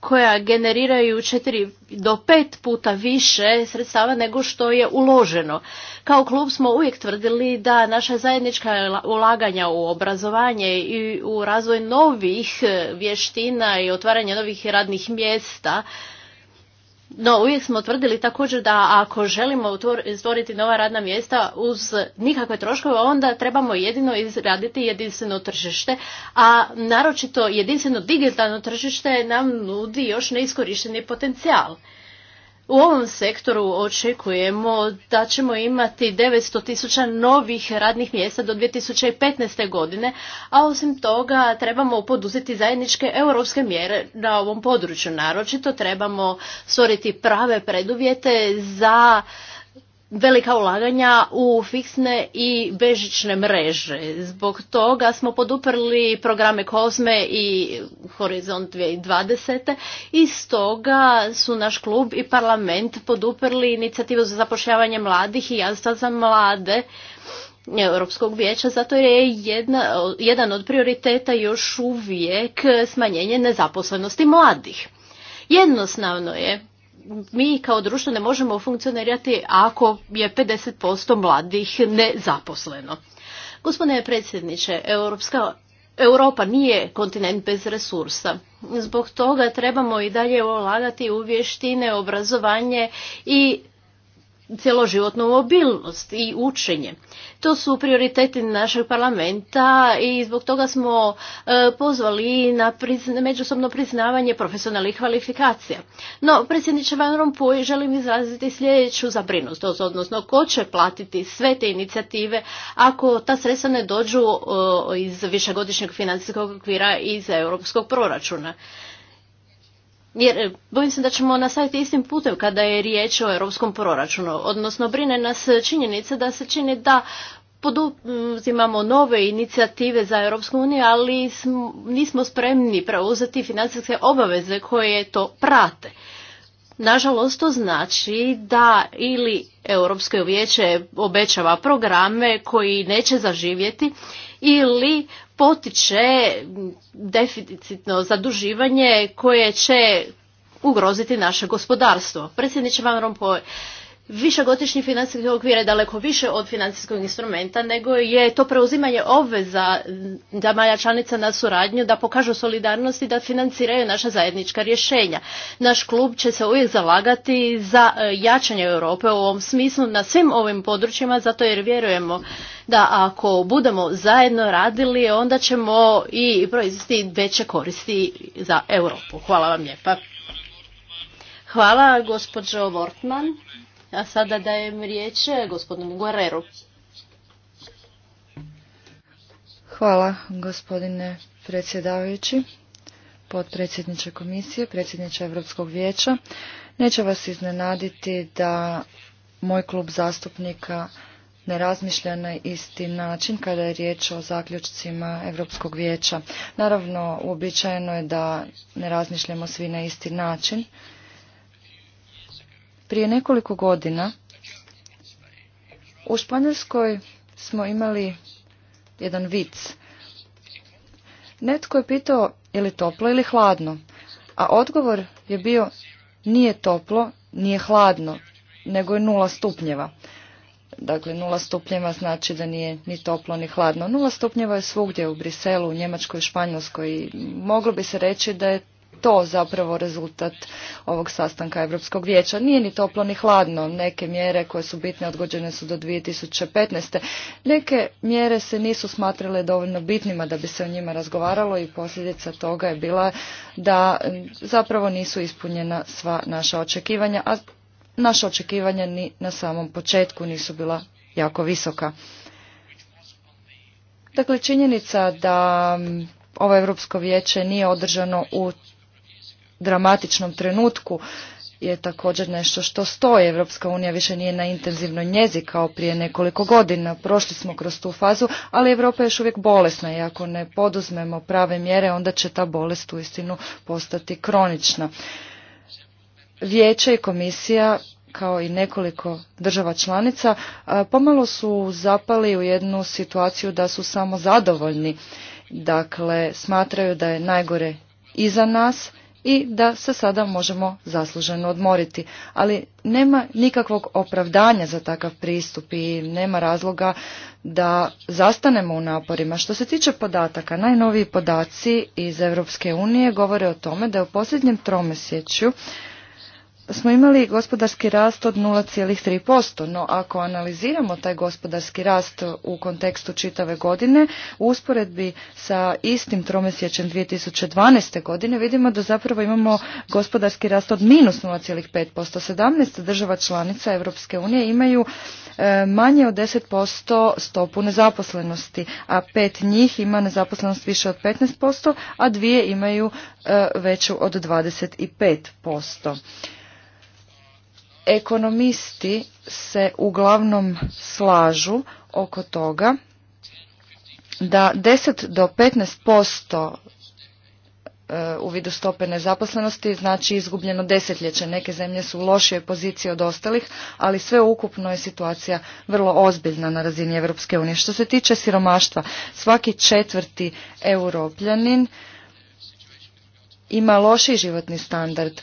koja generiraju četiri do pet puta više sredstava nego što je uloženo. Kao klub smo uvijek tvrdili da naša zajednička ulaganja u obrazovanje i u razvoj novih vještina i otvaranje novih radnih mjesta no, uvijek smo tvrdili također da ako želimo stvoriti nova radna mjesta uz nikakve troškove, onda trebamo jedino izraditi jedinstveno tržište, a naročito jedinstveno digitalno tržište nam nudi još neiskorišteni potencijal. U ovom sektoru očekujemo da ćemo imati 900 tisuća novih radnih mjesta do 2015. godine, a osim toga trebamo poduzeti zajedničke europske mjere na ovom području. Naročito trebamo stvoriti prave preduvjete za velika ulaganja u fiksne i bežične mreže. Zbog toga smo poduprli programe Kozme i Horizont 2020. I stoga su naš klub i parlament poduprli inicijativu za zapošljavanje mladih i jazda za mlade Europskog vijeća, zato je jedna, jedan od prioriteta još uvijek smanjenje nezaposlenosti mladih. Jednostavno je mi kao društvo ne možemo funkcionirati ako je 50% mladih nezaposleno. Gospodine predsjedniče, Europska Europa nije kontinent bez resursa. Zbog toga trebamo i dalje ulagati u vještine, obrazovanje i cjeloživotnu mobilnost i učenje. To su prioriteti našeg parlamenta i zbog toga smo e, pozvali na međusobno priznavanje profesionalnih kvalifikacija. No, predsjedniče Van Rompuy, želim izraziti sljedeću zabrinost, odnosno ko će platiti sve te inicijative ako ta sredstva ne dođu e, iz višegodišnjeg financijskog okvira iz europskog proračuna jer eh, bojim se da ćemo nastaviti istim putem kada je riječ o europskom proračunu, odnosno brine nas eh, činjenica da se čini da poduzimamo nove inicijative za Europsku uniju, ali nismo spremni preuzeti financijske obaveze koje to prate. Nažalost, to znači da ili Europsko vijeće obećava programe koji neće zaživjeti ili potiče deficitno zaduživanje koje će ugroziti naše gospodarstvo. Predsjedniče Van Rompuy, višegodišnji financijski okvir je daleko više od financijskog instrumenta, nego je to preuzimanje obveza maja članica na suradnju da pokažu solidarnost i da financiraju naša zajednička rješenja. Naš klub će se uvijek zalagati za e, jačanje Europe u ovom smislu na svim ovim područjima, zato jer vjerujemo da ako budemo zajedno radili, onda ćemo i proizvesti veće koristi za Europu. Hvala vam lijepa. Hvala gospođo Wortman. A sada dajem riječ eh, gospodinu Guerreru. Hvala gospodine predsjedavajući, potpredsjedniče komisije, predsjedniče Europskog vijeća. Neće vas iznenaditi da moj klub zastupnika ne razmišlja na isti način kada je riječ o zaključcima Europskog vijeća. Naravno, uobičajeno je da ne razmišljamo svi na isti način prije nekoliko godina u Španjolskoj smo imali jedan vic. Netko je pitao je li toplo ili hladno, a odgovor je bio nije toplo, nije hladno, nego je nula stupnjeva. Dakle, nula stupnjeva znači da nije ni toplo ni hladno. Nula stupnjeva je svugdje u Briselu, u Njemačkoj, Španjolskoj i moglo bi se reći da je to zapravo rezultat ovog sastanka Europskog vijeća. Nije ni toplo ni hladno. Neke mjere koje su bitne odgođene su do 2015. Neke mjere se nisu smatrale dovoljno bitnima da bi se o njima razgovaralo i posljedica toga je bila da zapravo nisu ispunjena sva naša očekivanja, a naša očekivanja ni na samom početku nisu bila jako visoka. Dakle, činjenica da ovo Europsko vijeće nije održano u dramatičnom trenutku je također nešto što stoji. Europska unija više nije na intenzivnoj njezi kao prije nekoliko godina. Prošli smo kroz tu fazu, ali Europa je još uvijek bolesna i ako ne poduzmemo prave mjere, onda će ta bolest uistinu postati kronična. Vijeće i komisija kao i nekoliko država članica pomalo su zapali u jednu situaciju da su samo zadovoljni. Dakle, smatraju da je najgore iza nas, i da se sada možemo zasluženo odmoriti. Ali nema nikakvog opravdanja za takav pristup i nema razloga da zastanemo u naporima. Što se tiče podataka, najnoviji podaci iz Europske unije govore o tome da je u posljednjem tromesjeću smo imali gospodarski rast od 0,3%, no ako analiziramo taj gospodarski rast u kontekstu čitave godine, u usporedbi sa istim tromesječem 2012. godine vidimo da zapravo imamo gospodarski rast od minus 0,5%. 17 država članica Europske unije imaju e, manje od 10% stopu nezaposlenosti, a pet njih ima nezaposlenost više od 15%, a dvije imaju e, veću od 25%. Ekonomisti se uglavnom slažu oko toga da 10 do 15% e, u vidu stope nezaposlenosti znači izgubljeno desetljeće. Neke zemlje su u lošijoj poziciji od ostalih, ali sve ukupno je situacija vrlo ozbiljna na razini Europske unije. Što se tiče siromaštva, svaki četvrti europljanin ima lošiji životni standard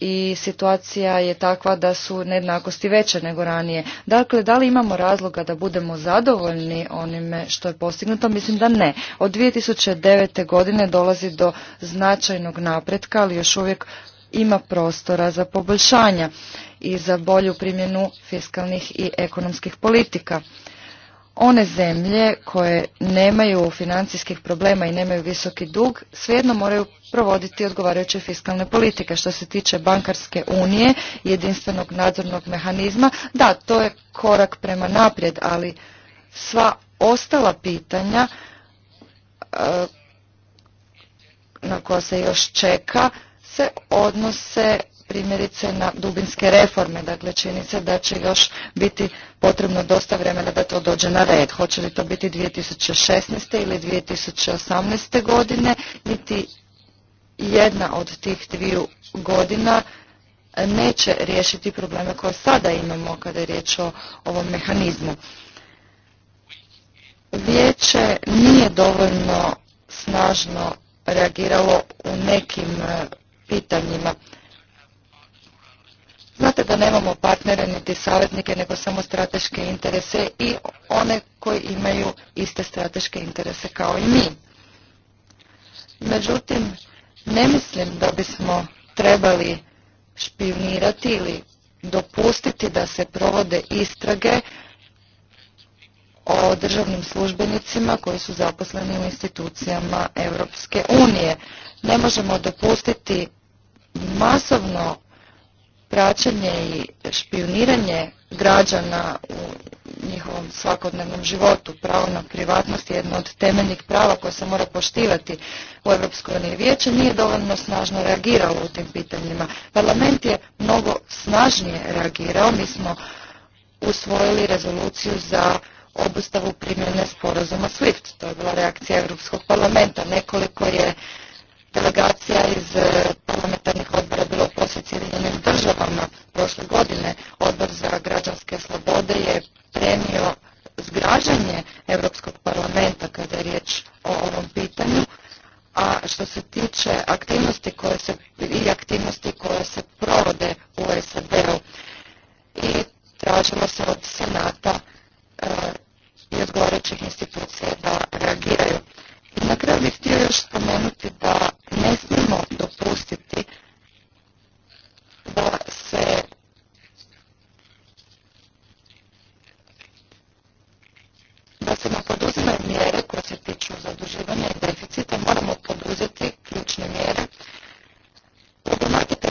i situacija je takva da su nejednakosti veće nego ranije. Dakle, da li imamo razloga da budemo zadovoljni onime što je postignuto? Mislim da ne. Od 2009. godine dolazi do značajnog napretka, ali još uvijek ima prostora za poboljšanja i za bolju primjenu fiskalnih i ekonomskih politika one zemlje koje nemaju financijskih problema i nemaju visoki dug, svejedno moraju provoditi odgovarajuće fiskalne politike. Što se tiče bankarske unije, jedinstvenog nadzornog mehanizma, da, to je korak prema naprijed, ali sva ostala pitanja eh, na koja se još čeka se odnose primjerice na dubinske reforme. Dakle, čini se da će još biti potrebno dosta vremena da to dođe na red. Hoće li to biti 2016. ili 2018. godine, niti jedna od tih dviju godina neće riješiti probleme koje sada imamo kada je riječ o ovom mehanizmu. Vijeće nije dovoljno snažno reagiralo u nekim pitanjima. Znate da nemamo partnere niti savjetnike nego samo strateške interese i one koji imaju iste strateške interese kao i mi. Međutim, ne mislim da bismo trebali špionirati ili dopustiti da se provode istrage o državnim službenicima koji su zaposleni u institucijama Europske unije. Ne možemo dopustiti masovno praćenje i špioniranje građana u njihovom svakodnevnom životu. Pravo na privatnost je jedno od temeljnih prava koje se mora poštivati u Europskoj uniji. Vijeće nije dovoljno snažno reagiralo u tim pitanjima. Parlament je mnogo snažnije reagirao. Mi smo usvojili rezoluciju za obustavu primjene sporazuma SWIFT. To je bila reakcija Europskog parlamenta. Nekoliko je delegacija iz e, parlamentarnih odbora bilo u državama prošle godine. Odbor za građanske slobode je premio zgražanje Europskog parlamenta kada je riječ o ovom pitanju. A što se tiče aktivnosti koje se i aktivnosti koje se provode u SAD-u i tražilo se od Senata e, i gorećih institucija da reagiraju. Na kraju bih htio još spomenuti da ne smijemo dopustiti da se da se ne poduzimaju mjere koje se tiču zaduživanja i deficita, moramo poduzeti ključne mjere. Problematika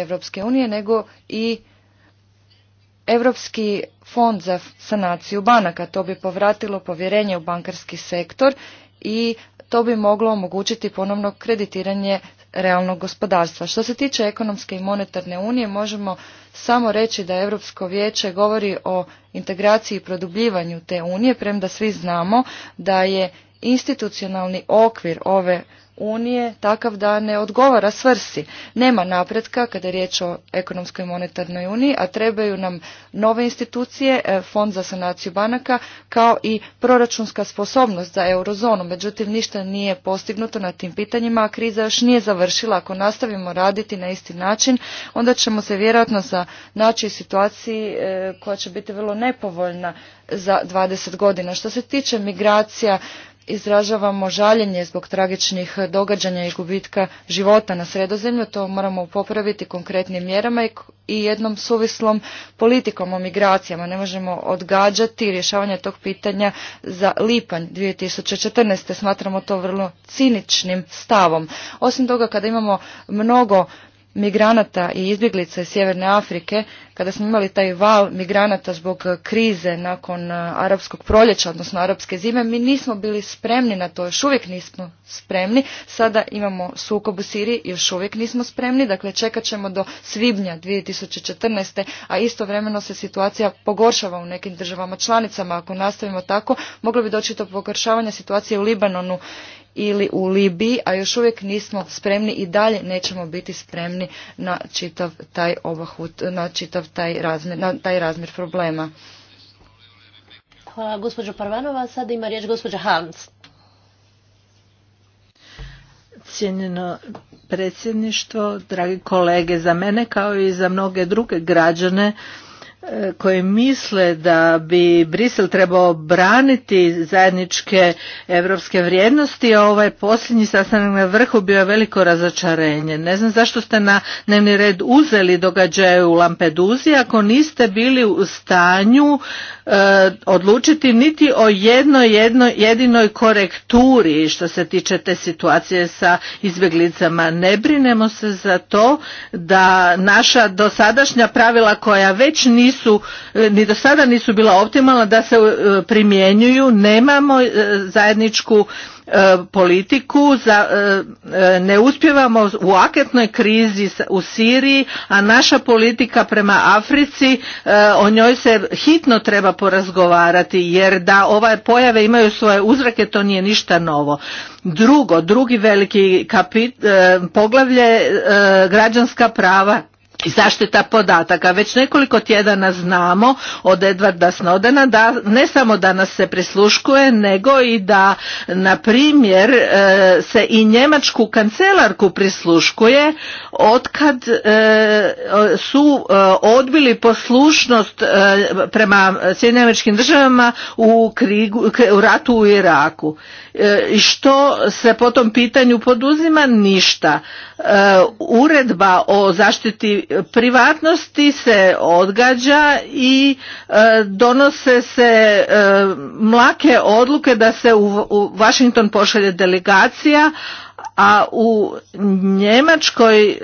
Europske unije, nego i Europski fond za sanaciju banaka. To bi povratilo povjerenje u bankarski sektor i to bi moglo omogućiti ponovno kreditiranje realnog gospodarstva. Što se tiče ekonomske i monetarne unije, možemo samo reći da Europsko vijeće govori o integraciji i produbljivanju te unije, premda svi znamo da je institucionalni okvir ove unije takav da ne odgovara svrsi. Nema napretka kada je riječ o ekonomskoj i monetarnoj uniji, a trebaju nam nove institucije, e, fond za sanaciju banaka, kao i proračunska sposobnost za eurozonu. Međutim, ništa nije postignuto na tim pitanjima, a kriza još nije završila. Ako nastavimo raditi na isti način, onda ćemo se vjerojatno naći u situaciji e, koja će biti vrlo nepovoljna za 20 godina. Što se tiče migracija, izražavamo žaljenje zbog tragičnih događanja i gubitka života na sredozemlju. To moramo popraviti konkretnim mjerama i jednom suvislom politikom o migracijama. Ne možemo odgađati rješavanje tog pitanja za lipanj 2014. Smatramo to vrlo ciničnim stavom. Osim toga, kada imamo mnogo migranata i izbjeglice iz Sjeverne Afrike, kada smo imali taj val migranata zbog eh, krize nakon eh, arapskog proljeća, odnosno arapske zime, mi nismo bili spremni na to, još uvijek nismo spremni. Sada imamo sukob u Siriji, još uvijek nismo spremni, dakle čekat ćemo do svibnja 2014. a istovremeno se situacija pogoršava u nekim državama članicama. Ako nastavimo tako, moglo bi doći do pogoršavanja situacije u Libanonu ili u Libiji, a još uvijek nismo spremni i dalje nećemo biti spremni na čitav taj obahut, na čitav taj razmjer, taj razmjer problema. Hvala gospođo Parvanova, sad ima riječ gospođa Hans. Cijenjeno predsjedništvo, dragi kolege, za mene kao i za mnoge druge građane koji misle da bi Brisel trebao braniti zajedničke europske vrijednosti, a ovaj posljednji sastanak na vrhu bio je veliko razočarenje. Ne znam zašto ste na dnevni red uzeli događaje u Lampeduziji ako niste bili u stanju e, odlučiti niti o jednoj jedno, jedinoj korekturi što se tiče te situacije sa izbjeglicama. Ne brinemo se za to da naša dosadašnja pravila koja već nisu nisu, e, ni do sada nisu bila optimalna da se e, primjenjuju, nemamo e, zajedničku politiku, za, ne uspjevamo u aketnoj krizi u Siriji, a naša politika prema Africi, o njoj se hitno treba porazgovarati, jer da ove pojave imaju svoje uzrake, to nije ništa novo. Drugo, drugi veliki kapit, poglavlje građanska prava zaštita podataka. Već nekoliko tjedana znamo od Edvarda Snodena da ne samo da nas se prisluškuje, nego i da, na primjer, e, se i njemačku kancelarku prisluškuje otkad e, su e, odbili poslušnost prema Sjedinjeničkim državama u ratu u Iraku. E, što se po tom pitanju poduzima ništa e, uredba o zaštiti privatnosti se odgađa i e, donose se mlake odluke da se u Washington pošalje delegacija a u Njemačkoj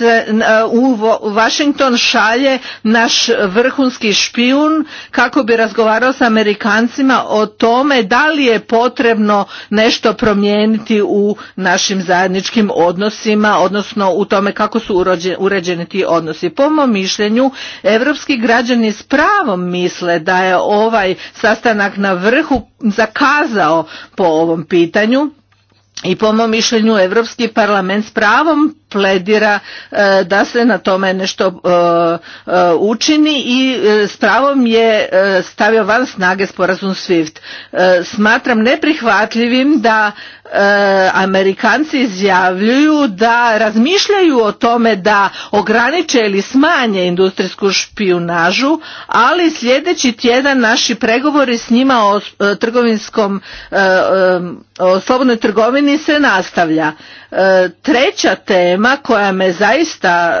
se e, u Washington šalje naš vrhunski špijun kako bi razgovarao sa Amerikancima o tome da li je potrebno nešto promijeniti u našim zajedničkim odnosima, odnosno u tome kako su uređeni ti odnosi. Po mom mišljenju, evropski građani s pravom misle da je ovaj sastanak na vrhu zakazao po ovom pitanju i po mom mišljenju Europski parlament s pravom pledira e, da se na tome nešto e, e, učini i s pravom je stavio van snage sporazum SWIFT. Smatram neprihvatljivim da E, Amerikanci izjavljuju da razmišljaju o tome da ograniče ili smanje industrijsku špijunažu, ali sljedeći tjedan naši pregovori s njima o e, trgovinskom e, o slobodnoj trgovini se nastavlja. Treća tema koja me zaista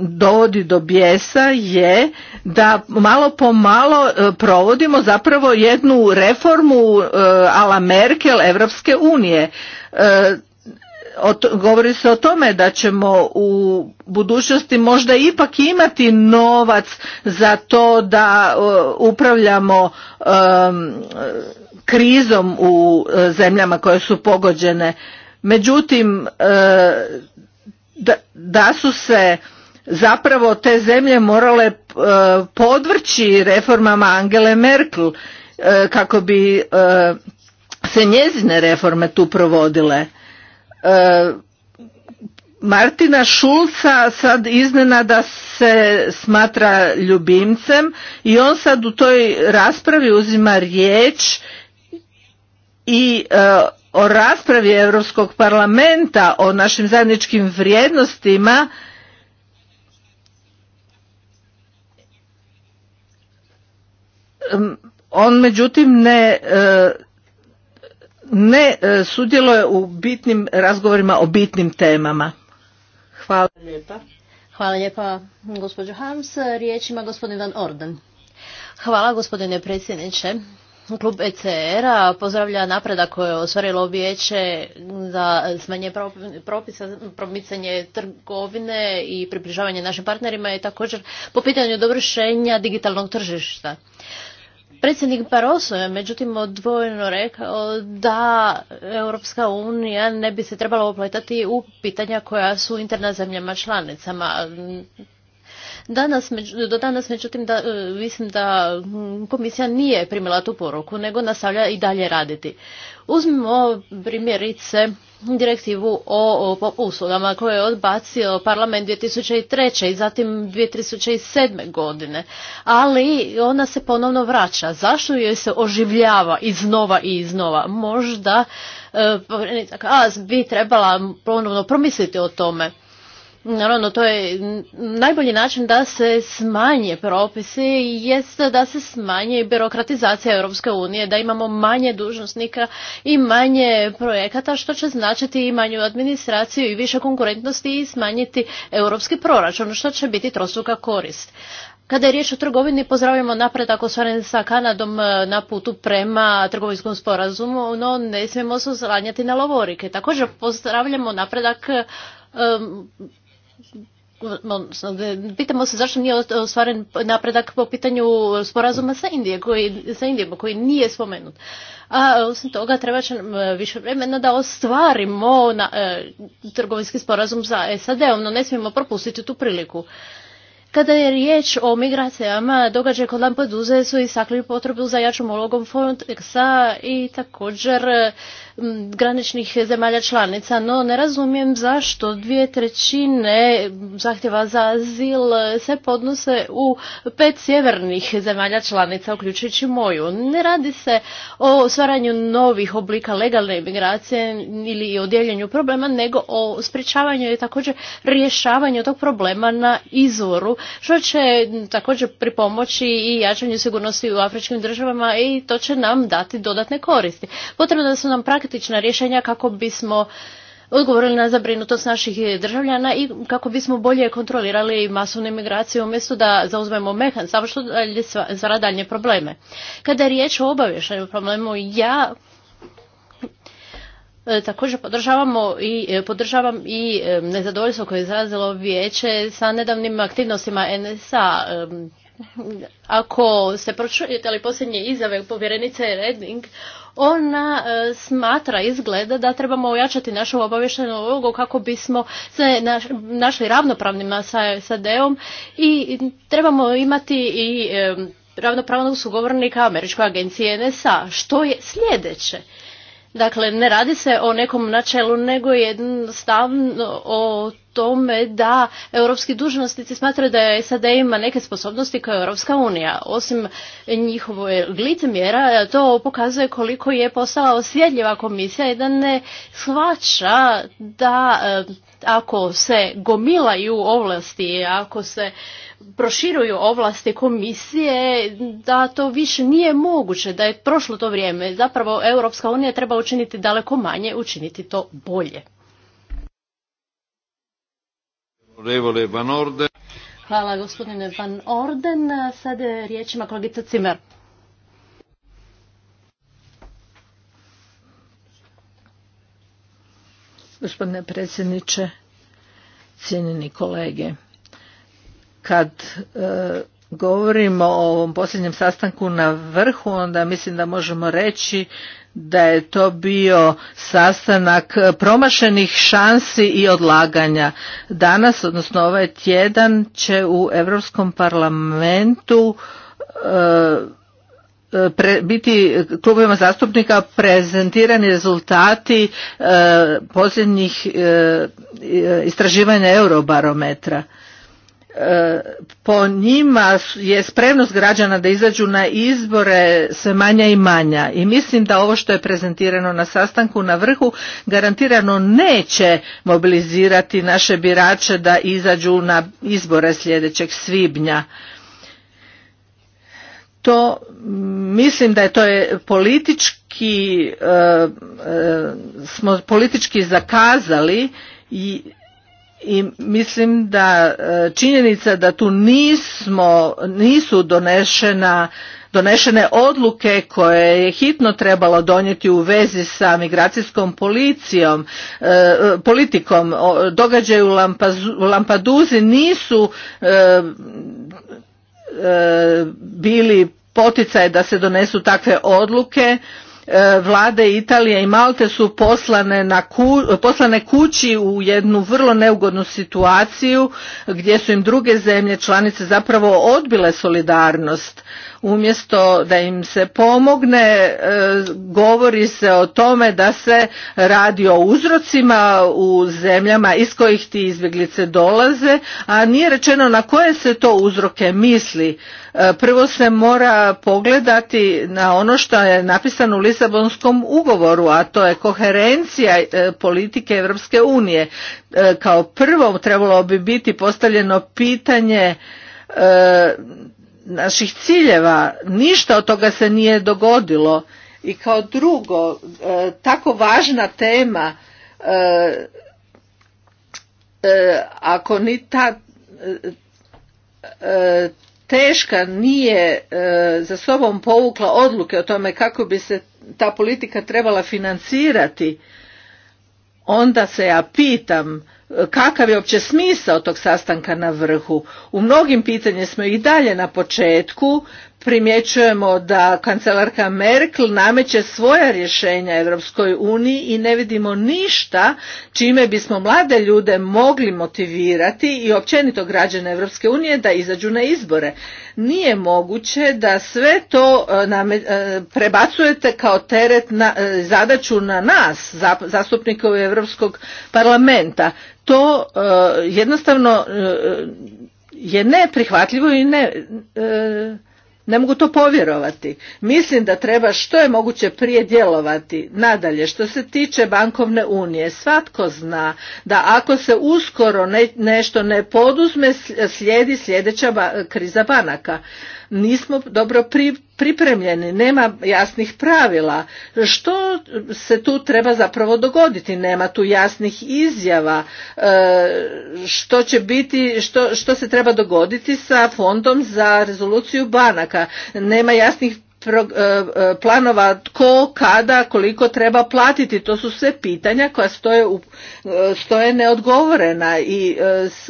dovodi do bijesa je da malo po malo e, provodimo zapravo jednu reformu e, ala Merkel Evropske unije. E, govori se o tome da ćemo u budućnosti možda ipak imati novac za to da upravljamo krizom u zemljama koje su pogođene. Međutim, da, su se zapravo te zemlje morale e, podvrći reformama Angele Merkel e, kako bi e, se njezine reforme tu provodile. Martina Šulca sad iznena da se smatra ljubimcem i on sad u toj raspravi uzima riječ i o raspravi Europskog parlamenta o našim zajedničkim vrijednostima on međutim ne e, ne e, sudjeluje u bitnim razgovorima o bitnim temama. Hvala lijepa. Hvala lijepa gospođo Hams. Riječ ima gospodin Van Orden. Hvala gospodine predsjedniče. Klub ECR-a pozdravlja napredak koje je osvarilo vijeće za smanje propisa, promicanje trgovine i približavanje našim partnerima i također po pitanju dovršenja digitalnog tržišta. Predsjednik Barroso je međutim odvojeno rekao da Europska unija ne bi se trebala opletati u pitanja koja su interna zemljama članicama. Danas, do danas, međutim, da, e, mislim da mm, komisija nije primila tu poruku, nego nastavlja i dalje raditi. Uzmimo primjerice direktivu o, o uslugama koju je odbacio parlament 2003. i zatim 2007. godine, ali ona se ponovno vraća. Zašto joj se oživljava iznova i iznova? Možda e, povjerenica bi trebala ponovno promisliti o tome. Naravno, to je najbolji način da se smanje propisi jest da se smanje birokratizacija Europske unije, da imamo manje dužnosnika i manje projekata, što će značiti i manju administraciju i više konkurentnosti i smanjiti europski proračun, što će biti trostruka korist. Kada je riječ o trgovini, pozdravljamo napredak ostvaren sa Kanadom e, na putu prema trgovinskom sporazumu, no ne smijemo se oslanjati na lovorike. Također pozdravljamo napredak e, pitamo se zašto nije ostvaren napredak po pitanju sporazuma sa Indije, koji, sa Indijom koji nije spomenut. A osim toga treba će nam e, više vremena da ostvarimo e, trgovinski sporazum sa SAD-om, no ne smijemo propustiti tu priliku. Kada je riječ o migracijama, događaj kod Lampeduze su istakli potrebu za jačom ulogom Frontexa i također e, graničnih zemalja članica, no ne razumijem zašto dvije trećine zahtjeva za azil se podnose u pet sjevernih zemalja članica, uključujući moju. Ne radi se o stvaranju novih oblika legalne imigracije ili o dijeljenju problema, nego o sprječavanju i također rješavanju tog problema na izvoru, što će također pripomoći i jačanju sigurnosti u afričkim državama i to će nam dati dodatne koristi. Potrebno da su nam praktično praktična rješenja kako bismo odgovorili na zabrinutost naših državljana i kako bismo bolje kontrolirali masovnu imigraciju umjesto da zauzmemo mehan za daljnje probleme. Kada je riječ o obavještajnom problemu, ja e, Također podržavamo i e, podržavam i e, nezadovoljstvo koje je izrazilo vijeće sa nedavnim aktivnostima NSA. Ako ste pročitali posljednje izjave povjerenice Reding ona e, smatra izgleda da trebamo ojačati našu obavještenu ulogu kako bismo se našli ravnopravnima sa SAD-om i trebamo imati i e, ravnopravnog sugovornika Američkoj agenciji NSA. Što je sljedeće? Dakle, ne radi se o nekom načelu, nego jednostavno o tome da europski dužnosnici smatraju da SAD ima neke sposobnosti kao Europska unija. Osim njihove licemjera, to pokazuje koliko je postala osvjedljiva komisija i da ne shvaća da e, ako se gomilaju ovlasti, ako se proširuju ovlasti komisije, da to više nije moguće, da je prošlo to vrijeme. Zapravo Europska unija treba učiniti daleko manje, učiniti to bolje. Hvala gospodine Van Orden. Sada riječima kolegica Cimer. Gospodine predsjedniče, cijenjeni kolege, kad e, govorimo o ovom posljednjem sastanku na vrhu, onda mislim da možemo reći da je to bio sastanak promašenih šansi i odlaganja. Danas, odnosno ovaj tjedan, će u Europskom parlamentu e, E, biti klubovima zastupnika prezentirani rezultati e, posljednjih e, istraživanja eurobarometra po njima je spremnost građana da izađu na izbore sve manja i manja i mislim da ovo što je prezentirano na sastanku na vrhu garantirano neće mobilizirati naše birače da izađu na izbore sljedećeg svibnja to mm, mislim da je to politički e, e, smo politički zakazali i mislim da e, činjenica da tu nismo nisu donešena donešene odluke koje je hitno trebalo donijeti u vezi sa migracijskom policijom, politikom događaju u Lampaduzi nisu E, bili poticaj da se donesu takve odluke e, vlade Italije i Malte su poslane, na poslane kući u jednu vrlo neugodnu situaciju gdje su im druge zemlje članice zapravo odbile solidarnost umjesto da im se pomogne e, govori se o tome da se radi o uzrocima u zemljama iz kojih ti izbjeglice dolaze a nije rečeno na koje se to uzroke misli e, prvo se mora pogledati na ono što je napisano u Lisabonskom ugovoru a to je koherencija e, politike Europske unije kao prvo trebalo bi biti postavljeno pitanje naših ciljeva. Ništa od toga se nije dogodilo. I kao drugo, e, tako važna tema, e, e, ako ni ta teška nije za sobom povukla odluke o tome kako bi se ta politika trebala financirati, onda se ja pitam kakav je uopće smisao tog sastanka na vrhu. U mnogim pitanjima smo i dalje na početku, primjećujemo da kancelarka Merkel nameće svoja rješenja Europskoj uniji i ne vidimo ništa čime bismo mlade ljude mogli motivirati i općenito građane Europske unije da izađu na izbore. Nije moguće da sve to e, e, prebacujete kao teret na e, zadaću na nas, zastupnike Europskog parlamenta. To jednostavno je neprihvatljivo i ne ne mogu to povjerovati. Mislim da treba što je moguće prije djelovati. Nadalje, što se tiče bankovne unije, svatko zna da ako se uskoro nešto ne poduzme, slijedi sljedeća kriza banaka. Nismo dobro pri, pripremljeni, nema jasnih pravila. Što se tu treba zapravo dogoditi? Nema tu jasnih izjava. E, što će biti, što, se treba dogoditi sa fondom za rezoluciju banaka? Nema jasnih E, e, planova tko, kada, koliko treba platiti. To su sve pitanja koja stoje, e, neodgovorena i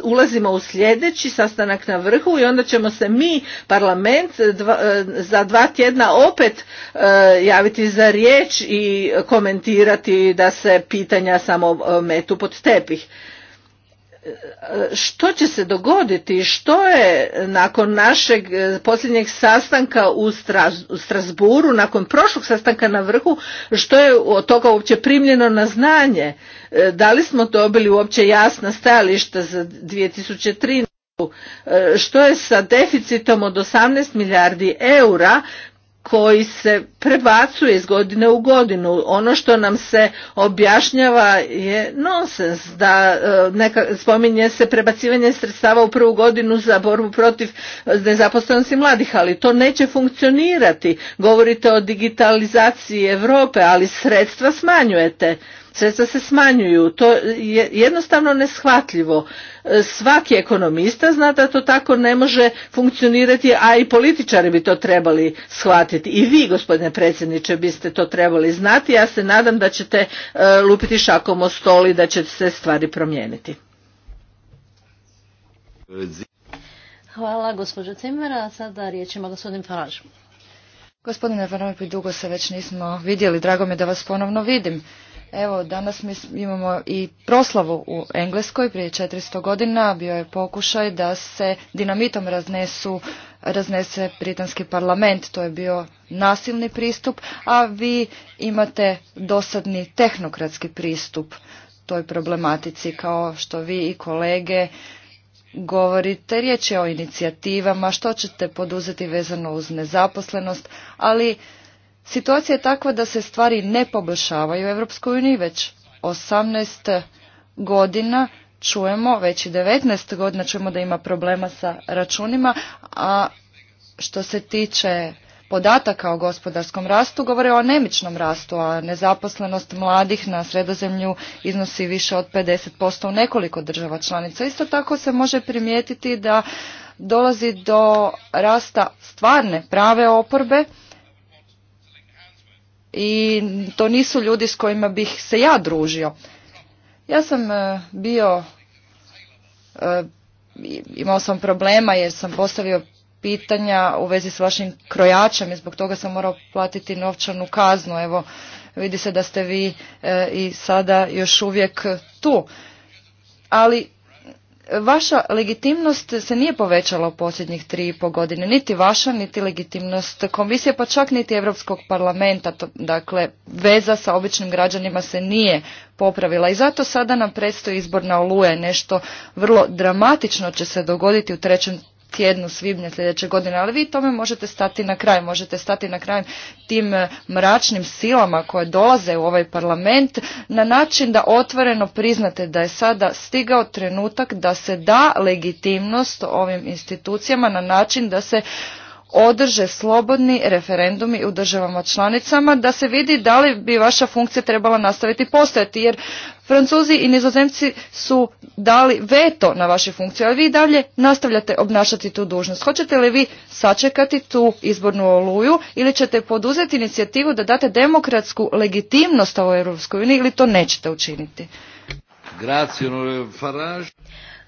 ulazimo u sljedeći sastanak na vrhu i onda ćemo se mi, parlament, za dva tjedna opet javiti za riječ i komentirati da se pitanja samo metu pod tepih što će se dogoditi, što je nakon našeg e, posljednjeg sastanka u Strasburu, nakon prošlog sastanka na vrhu, što je od toga uopće primljeno na znanje? E, da li smo dobili uopće jasna stajališta za 2013? E, što je sa deficitom od 18 milijardi eura koji se prebacuje iz godine u godinu. Ono što nam se objašnjava je nonsens, da e, neka, spominje se prebacivanje sredstava u prvu godinu za borbu protiv nezaposlenosti mladih, ali to neće funkcionirati. Govorite o digitalizaciji Europe, ali sredstva smanjujete sredstva se smanjuju. To je jednostavno neshvatljivo. Svaki ekonomista zna da to tako ne može funkcionirati, a i političari bi to trebali shvatiti. I vi, gospodine predsjedniče, biste to trebali znati. Ja se nadam da ćete e, lupiti šakom o stoli i da će se stvari promijeniti. Hvala, gospođo Cimera. Sada riječ ima gospodin Faraž. Gospodine Varnopi, dugo se već nismo vidjeli. Drago mi je da vas ponovno vidim. Evo, danas mi imamo i proslavu u Engleskoj prije 400 godina. Bio je pokušaj da se dinamitom raznesu, raznese britanski parlament. To je bio nasilni pristup, a vi imate dosadni tehnokratski pristup toj problematici, kao što vi i kolege govorite. Riječ je o inicijativama, što ćete poduzeti vezano uz nezaposlenost, ali Situacija je takva da se stvari ne poboljšavaju u Europskoj uniji već 18 godina čujemo, već i 19 godina čujemo da ima problema sa računima, a što se tiče podataka o gospodarskom rastu govore o anemičnom rastu, a nezaposlenost mladih na sredozemlju iznosi više od 50% u nekoliko država članica. Isto tako se može primijetiti da dolazi do rasta stvarne prave oporbe, i to nisu ljudi s kojima bih se ja družio. Ja sam e, bio, e, imao sam problema jer sam postavio pitanja u vezi s vašim krojačem i zbog toga sam morao platiti novčanu kaznu. Evo, vidi se da ste vi e, i sada još uvijek tu. Ali vaša legitimnost se nije povećala u posljednjih tri i po godine, niti vaša, niti legitimnost komisije, pa čak niti Europskog parlamenta. Dakle, veza sa običnim građanima se nije popravila i zato sada nam predstoji izborna oluje. nešto vrlo dramatično će se dogoditi u trećem tjednu svibnja sljedeće godine, ali vi tome možete stati na kraj, možete stati na kraj tim e, mračnim silama koje dolaze u ovaj parlament na način da otvoreno priznate da je sada stigao trenutak da se da legitimnost ovim institucijama na način da se održe slobodni referendumi u državama članicama da se vidi da li bi vaša funkcija trebala nastaviti postojati jer Francuzi i Nizozemci su dali veto na vaše funkcije, ali vi dalje nastavljate obnašati tu dužnost. Hoćete li vi sačekati tu izbornu oluju ili ćete poduzeti inicijativu da date demokratsku legitimnost ovoj Europskoj uniji ili to nećete učiniti?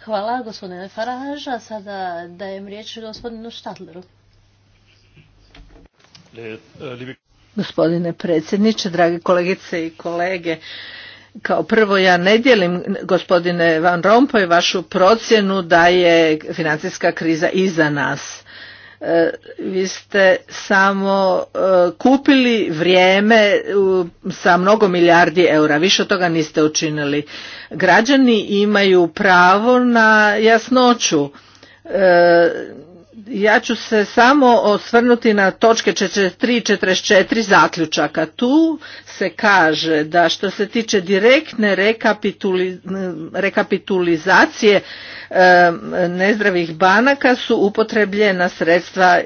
Hvala gospodine Faraža. Sada dajem riječ gospodinu Stadleru. Gospodine predsjedniče, drage kolegice i kolege, kao prvo ja ne dijelim gospodine Van Rompuy vašu procjenu da je financijska kriza iza nas. E, vi ste samo e, kupili vrijeme sa mnogo milijardi eura, više od toga niste učinili. Građani imaju pravo na jasnoću. E, ja ću se samo osvrnuti na točke 43 i 44 zaključaka. Tu se kaže da što se tiče direktne rekapitulizacije eh, nezdravih banaka su upotrebljena sredstva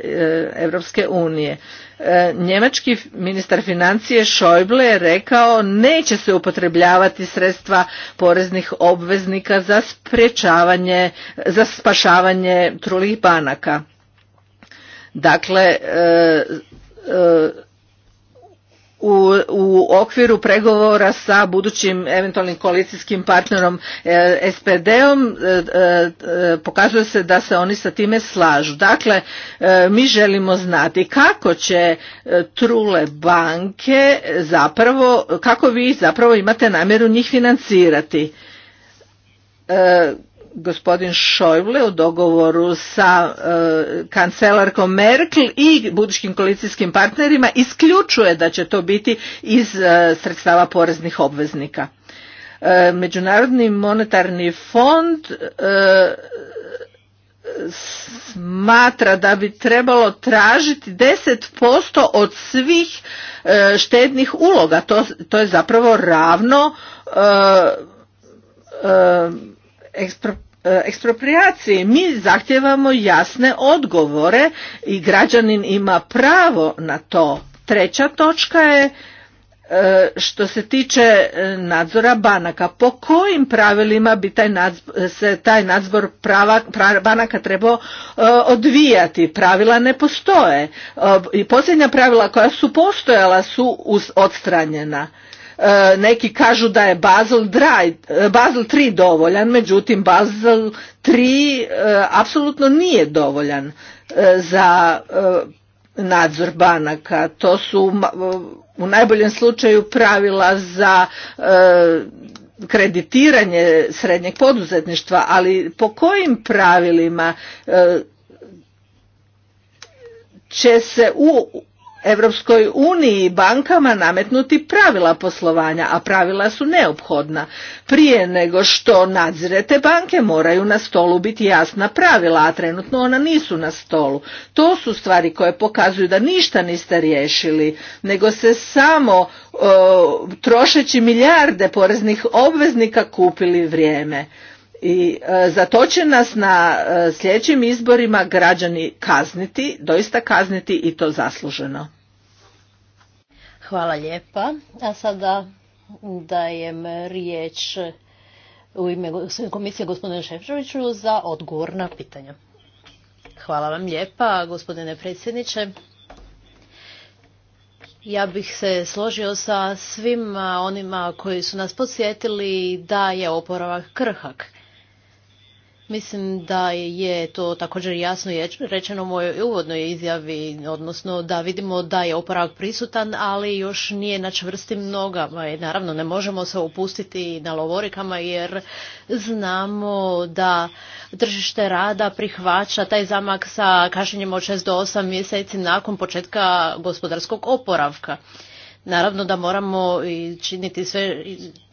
Europske eh, unije. E, njemački ministar financije Schäuble je rekao neće se upotrebljavati sredstva poreznih obveznika za sprečavanje, za spašavanje trulih banaka. Dakle, e, e u, u okviru pregovora sa budućim eventualnim koalicijskim partnerom e, SPD-om e, e, e, pokazuje se da se oni sa time slažu. Dakle, mi želimo znati kako će trule banke zapravo, kako vi zapravo imate namjeru njih financirati gospodin Šojble u dogovoru sa e, kancelarkom Merkel i budućim koalicijskim partnerima isključuje da će to biti iz e, sredstava poreznih obveznika. E, Međunarodni monetarni fond smatra da bi trebalo tražiti 10% od svih štednih uloga. To, je zapravo ravno ekspropriacije Mi zahtjevamo jasne odgovore i građanin ima pravo na to. Treća točka je e, što se tiče e, nadzora banaka, po kojim pravilima bi taj nadzbor se taj nadzor prava, banaka trebao e, odvijati? Pravila ne postoje. I posljednja pravila koja su postojala su odstranjena. E, neki kažu da je Basel, dry, 3 e, dovoljan, međutim Basel 3 e, apsolutno nije dovoljan za nadzor banaka. To su u najboljem slučaju pravila za kreditiranje srednjeg poduzetništva, ali po kojim pravilima će se u Europskoj uniji i bankama nametnuti pravila poslovanja, a pravila su neophodna. Prije nego što nadzirete banke moraju na stolu biti jasna pravila, a trenutno ona nisu na stolu. To su stvari koje pokazuju da ništa niste riješili, nego se samo e, trošeći milijarde poreznih obveznika kupili vrijeme. I e, za to će nas na e, sljedećim izborima građani kazniti, doista kazniti i to zasluženo. Hvala lijepa. A sada dajem riječ u ime komisije gospodine Šefčeviću za odgovor na pitanja. Hvala vam lijepa gospodine predsjedniče. Ja bih se složio sa svima onima koji su nas podsjetili da je oporavak krhak. Mislim da je to također jasno rečeno u mojoj uvodnoj izjavi, odnosno da vidimo da je oporavak prisutan, ali još nije na čvrstim nogama. Naravno, ne možemo se opustiti na lovorikama jer znamo da tržište rada prihvaća taj zamak sa kašnjenjem od 6 do 8 mjeseci nakon početka gospodarskog oporavka. Naravno da moramo i činiti sve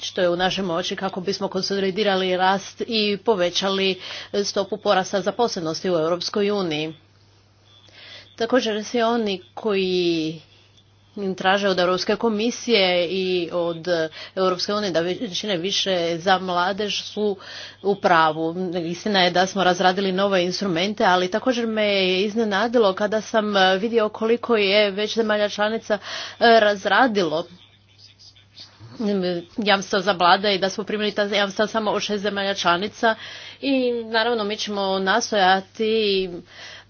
što je u našem oči kako bismo konsolidirali rast i povećali stopu porasta zaposlenosti u Europskoj uniji. Također svi oni koji traže od Europske komisije i od Europske unije da čine više za mladež su u pravu. Istina je da smo razradili nove instrumente, ali također me je iznenadilo kada sam vidio koliko je već zemalja članica e, razradilo jamstva za mlade i da smo primili ta jamstva samo od šest zemalja članica i naravno mi ćemo nastojati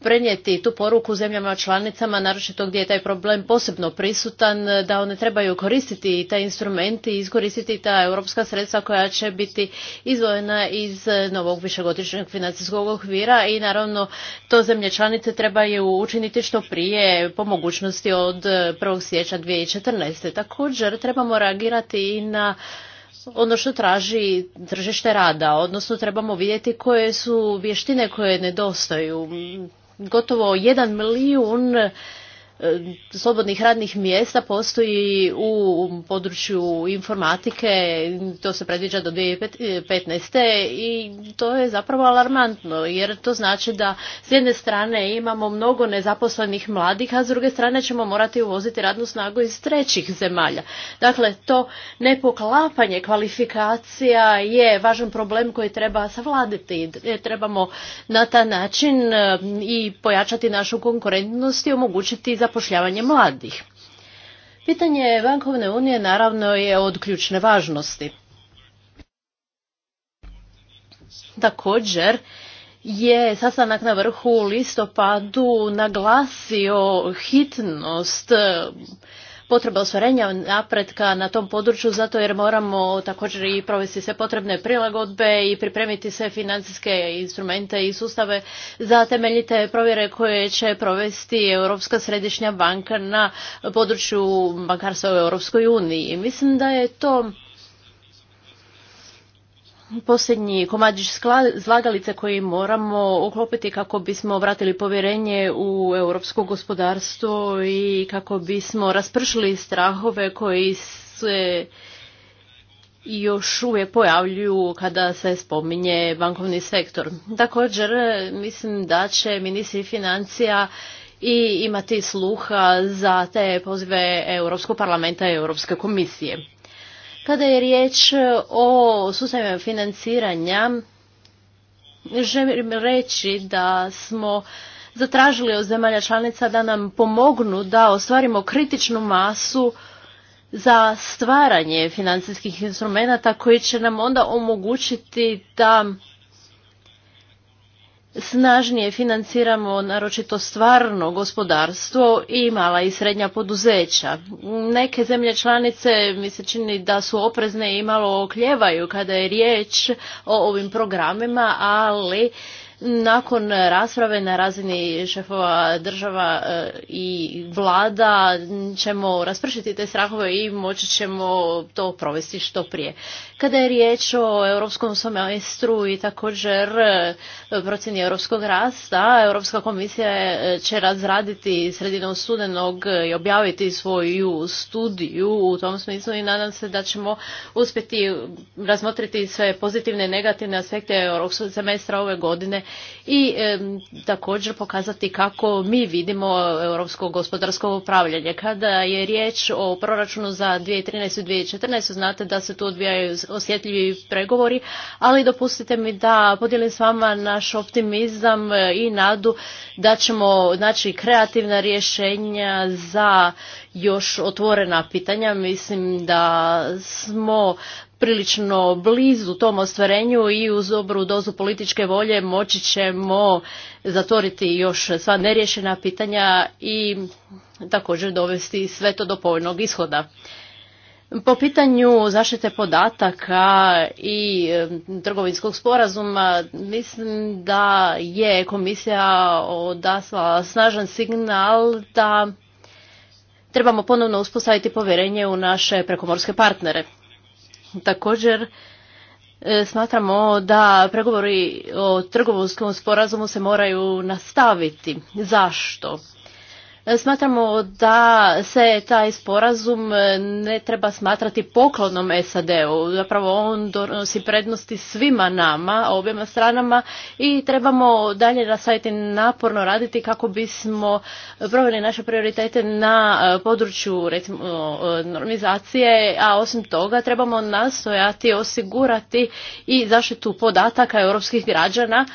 prenijeti tu poruku zemljama članicama, naročito gdje je taj problem posebno prisutan, da one trebaju koristiti taj instrument i iskoristiti ta europska sredstva koja će biti izvojena iz novog višegodišnjeg financijskog okvira i naravno to zemlje članice trebaju učiniti što prije po mogućnosti od 1. siječnja 2014. Također trebamo reagirati i na ono što traži tržište rada, odnosno trebamo vidjeti koje su vještine koje nedostaju gotovo jedan milijun E, slobodnih radnih mjesta postoji u području informatike, to se predviđa do 2015. i to je zapravo alarmantno jer to znači da s jedne strane imamo mnogo nezaposlenih mladih, a s druge strane ćemo morati uvoziti radnu snagu iz trećih zemalja. Dakle, to nepoklapanje kvalifikacija je važan problem koji treba savladiti. E, trebamo na taj način e, i pojačati našu konkurentnost i omogućiti zapošljavanje mladih. Pitanje bankovne unije naravno je od ključne važnosti. Također je sastanak na vrhu u listopadu naglasio hitnost potrebe ostvarenja napretka na tom području zato jer moramo također i provesti sve potrebne prilagodbe i pripremiti sve financijske instrumente i sustave za temeljite provjere koje će provesti Europska središnja banka na području bankarstva u Europskoj uniji. Mislim da je to posljednji komadić zlagalice koji moramo uklopiti kako bismo vratili povjerenje u europsko gospodarstvo i kako bismo raspršili strahove koji se još uvijek pojavljuju kada se spominje bankovni sektor. Također mislim da će ministri financija i imati sluha za te pozive Europskog parlamenta i Europske komisije. Kada je riječ e, o sustavima financiranja, želim reći da smo zatražili od zemalja članica da nam pomognu da ostvarimo kritičnu masu za stvaranje financijskih instrumenata koji će nam onda omogućiti da snažnije financiramo naročito stvarno gospodarstvo i mala i srednja poduzeća. Neke zemlje članice mi se čini da su oprezne i malo okljevaju kada je riječ o ovim programima, ali nakon rasprave na razini šefova država e, i vlada ćemo raspršiti te strahove i moći ćemo to provesti što prije. Kada je riječ o europskom semestru i također e, procjeni europskog rasta, Europska komisija e, će razraditi sredinom studenog i objaviti svoju studiju u tom smislu i nadam se da ćemo uspjeti razmotriti sve pozitivne i negativne aspekte europskog semestra ove godine i e, također pokazati kako mi vidimo europsko gospodarsko upravljanje. Kada je riječ o proračunu za 2013. i 2014. znate da se tu odvijaju osjetljivi pregovori, ali dopustite mi da podijelim s vama naš optimizam i nadu da ćemo naći kreativna rješenja za još otvorena pitanja. Mislim da smo prilično blizu tom ostvarenju i uz dobru dozu političke volje moći ćemo zatvoriti još sva neriješena pitanja i također dovesti sve to do povoljnog ishoda. Po pitanju zaštite podataka i trgovinskog sporazuma mislim da je komisija odasla snažan signal da trebamo ponovno uspostaviti povjerenje u naše prekomorske partnere. Također, e, smatramo da pregovori o trgovinskom sporazumu se moraju nastaviti. Zašto? Smatramo da se taj sporazum ne treba smatrati poklonom SAD-u. Zapravo on donosi prednosti svima nama, objema stranama i trebamo dalje nastaviti naporno raditi kako bismo proveli naše prioritete na e, području recimo, e, normizacije, a osim toga trebamo nastojati osigurati i zaštitu podataka europskih građana,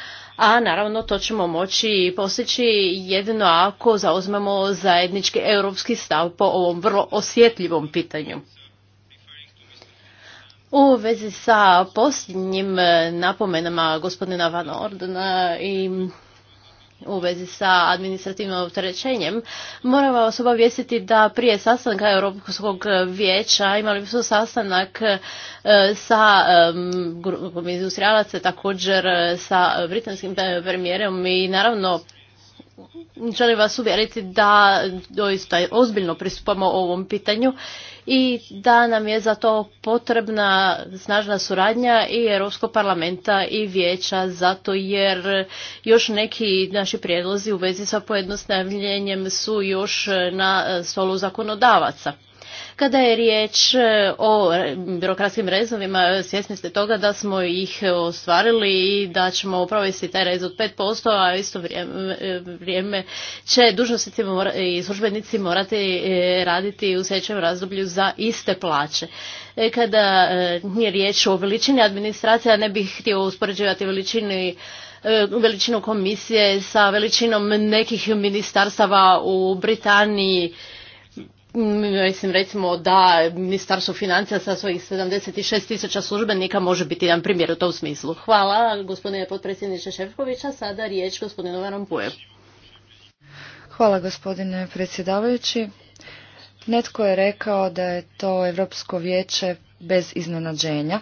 a naravno to ćemo moći postići jedino ako zauzmemo zajednički europski stav po ovom vrlo osjetljivom pitanju. U vezi sa posljednjim napomenama gospodina Van Ordena i u vezi sa administrativnim opterećenjem. Moram vas obavijestiti da prije sastanka Europskog vijeća imali su sastanak e, sa grupom industrijalaca, također e, sa britanskim premijerom i naravno želim vas uvjeriti da doista ozbiljno pristupamo ovom pitanju i da nam je za to potrebna snažna suradnja i Europskog parlamenta i vijeća zato jer još neki naši prijedlozi u vezi sa pojednostavljenjem su još na stolu zakonodavaca. Kada je riječ e, o e, birokratskim rezovima, e, svjesni ste toga da smo ih ostvarili i da ćemo provesti taj rez od 5%, a isto vrijeme, vrijeme će dužnosnici i službenici morati raditi u sljedećem razdoblju za iste plaće. Kada nije riječ o veličini administracija, ne bih htio uspoređivati veličini veličinu komisije sa veličinom nekih ministarstava u Britaniji Mislim recimo da Ministarstvo financija sa svojih 76 tisuća službenika može biti jedan primjer u tom smislu. Hvala gospodine potpredsjedniče Šefkovića. Sada riječ gospodinu Hvala gospodine predsjedavajući. Netko je rekao da je to Europsko vijeće bez iznenađenja,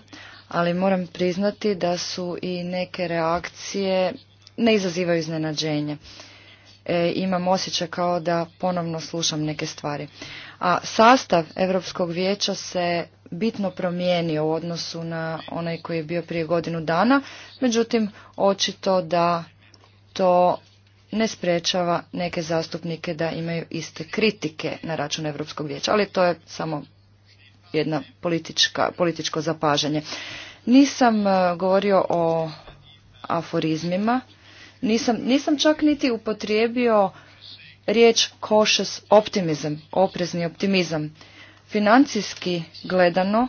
ali moram priznati da su i neke reakcije ne izazivaju iznenađenje e, imam osjećaj kao da ponovno slušam neke stvari. A sastav Europskog vijeća se bitno promijenio u odnosu na onaj koji je bio prije godinu dana, međutim očito da to ne sprečava neke zastupnike da imaju iste kritike na račun Europskog vijeća, ali to je samo jedna politička, političko zapažanje. Nisam e, govorio o aforizmima, nisam, nisam čak niti upotrijebio riječ cautious optimizam, oprezni optimizam. Financijski gledano,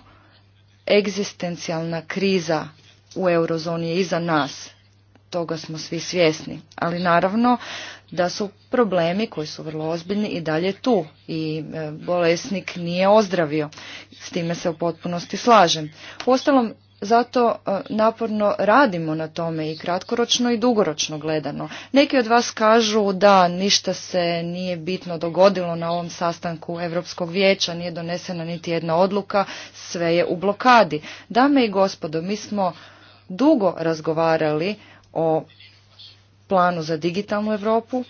egzistencijalna kriza u eurozoni je iza nas. Toga smo svi svjesni. Ali naravno da su problemi koji su vrlo ozbiljni i dalje tu. I e, bolesnik nije ozdravio. S time se u potpunosti slažem. Uostalom, zato e, naporno radimo na tome i kratkoročno i dugoročno gledano. Neki od vas kažu da ništa se nije bitno dogodilo na ovom sastanku Europskog vijeća, nije donesena niti jedna odluka, sve je u blokadi. Dame i gospodo, mi smo dugo razgovarali o planu za digitalnu Europu,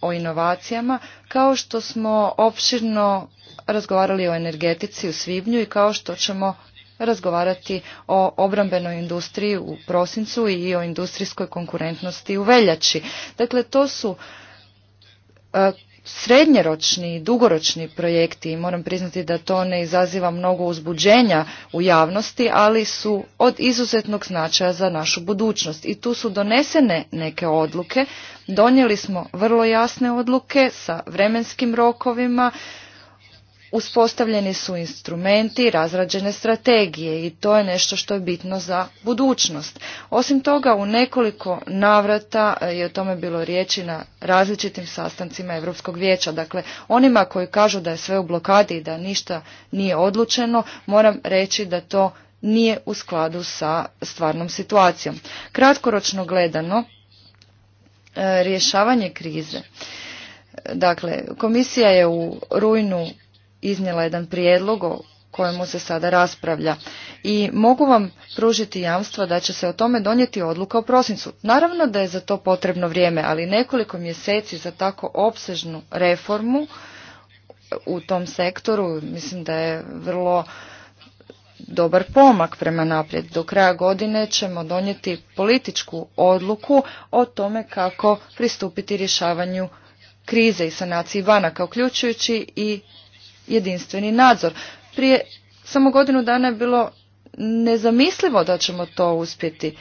o inovacijama, kao što smo opširno razgovarali o energetici u svibnju i kao što ćemo razgovarati o obrambenoj industriji u prosincu i o industrijskoj konkurentnosti u veljači. Dakle, to su e, srednjeročni i dugoročni projekti i moram priznati da to ne izaziva mnogo uzbuđenja u javnosti, ali su od izuzetnog značaja za našu budućnost. I tu su donesene neke odluke, donijeli smo vrlo jasne odluke sa vremenskim rokovima, uspostavljeni su instrumenti, razrađene strategije i to je nešto što je bitno za budućnost. Osim toga, u nekoliko navrata je o tome bilo riječi na različitim sastancima Europskog vijeća. Dakle, onima koji kažu da je sve u blokadi i da ništa nije odlučeno, moram reći da to nije u skladu sa stvarnom situacijom. Kratkoročno gledano, e, rješavanje krize. Dakle, komisija je u rujnu iznijela jedan prijedlog o kojemu se sada raspravlja. I mogu vam pružiti jamstva da će se o tome donijeti odluka u prosincu. Naravno da je za to potrebno vrijeme, ali nekoliko mjeseci za tako opsežnu reformu u tom sektoru mislim da je vrlo dobar pomak prema naprijed. Do kraja godine ćemo donijeti političku odluku o tome kako pristupiti rješavanju krize i sanaciji banaka, uključujući i jedinstveni nadzor. Prije samo godinu dana je bilo nezamislivo da ćemo to uspjeti.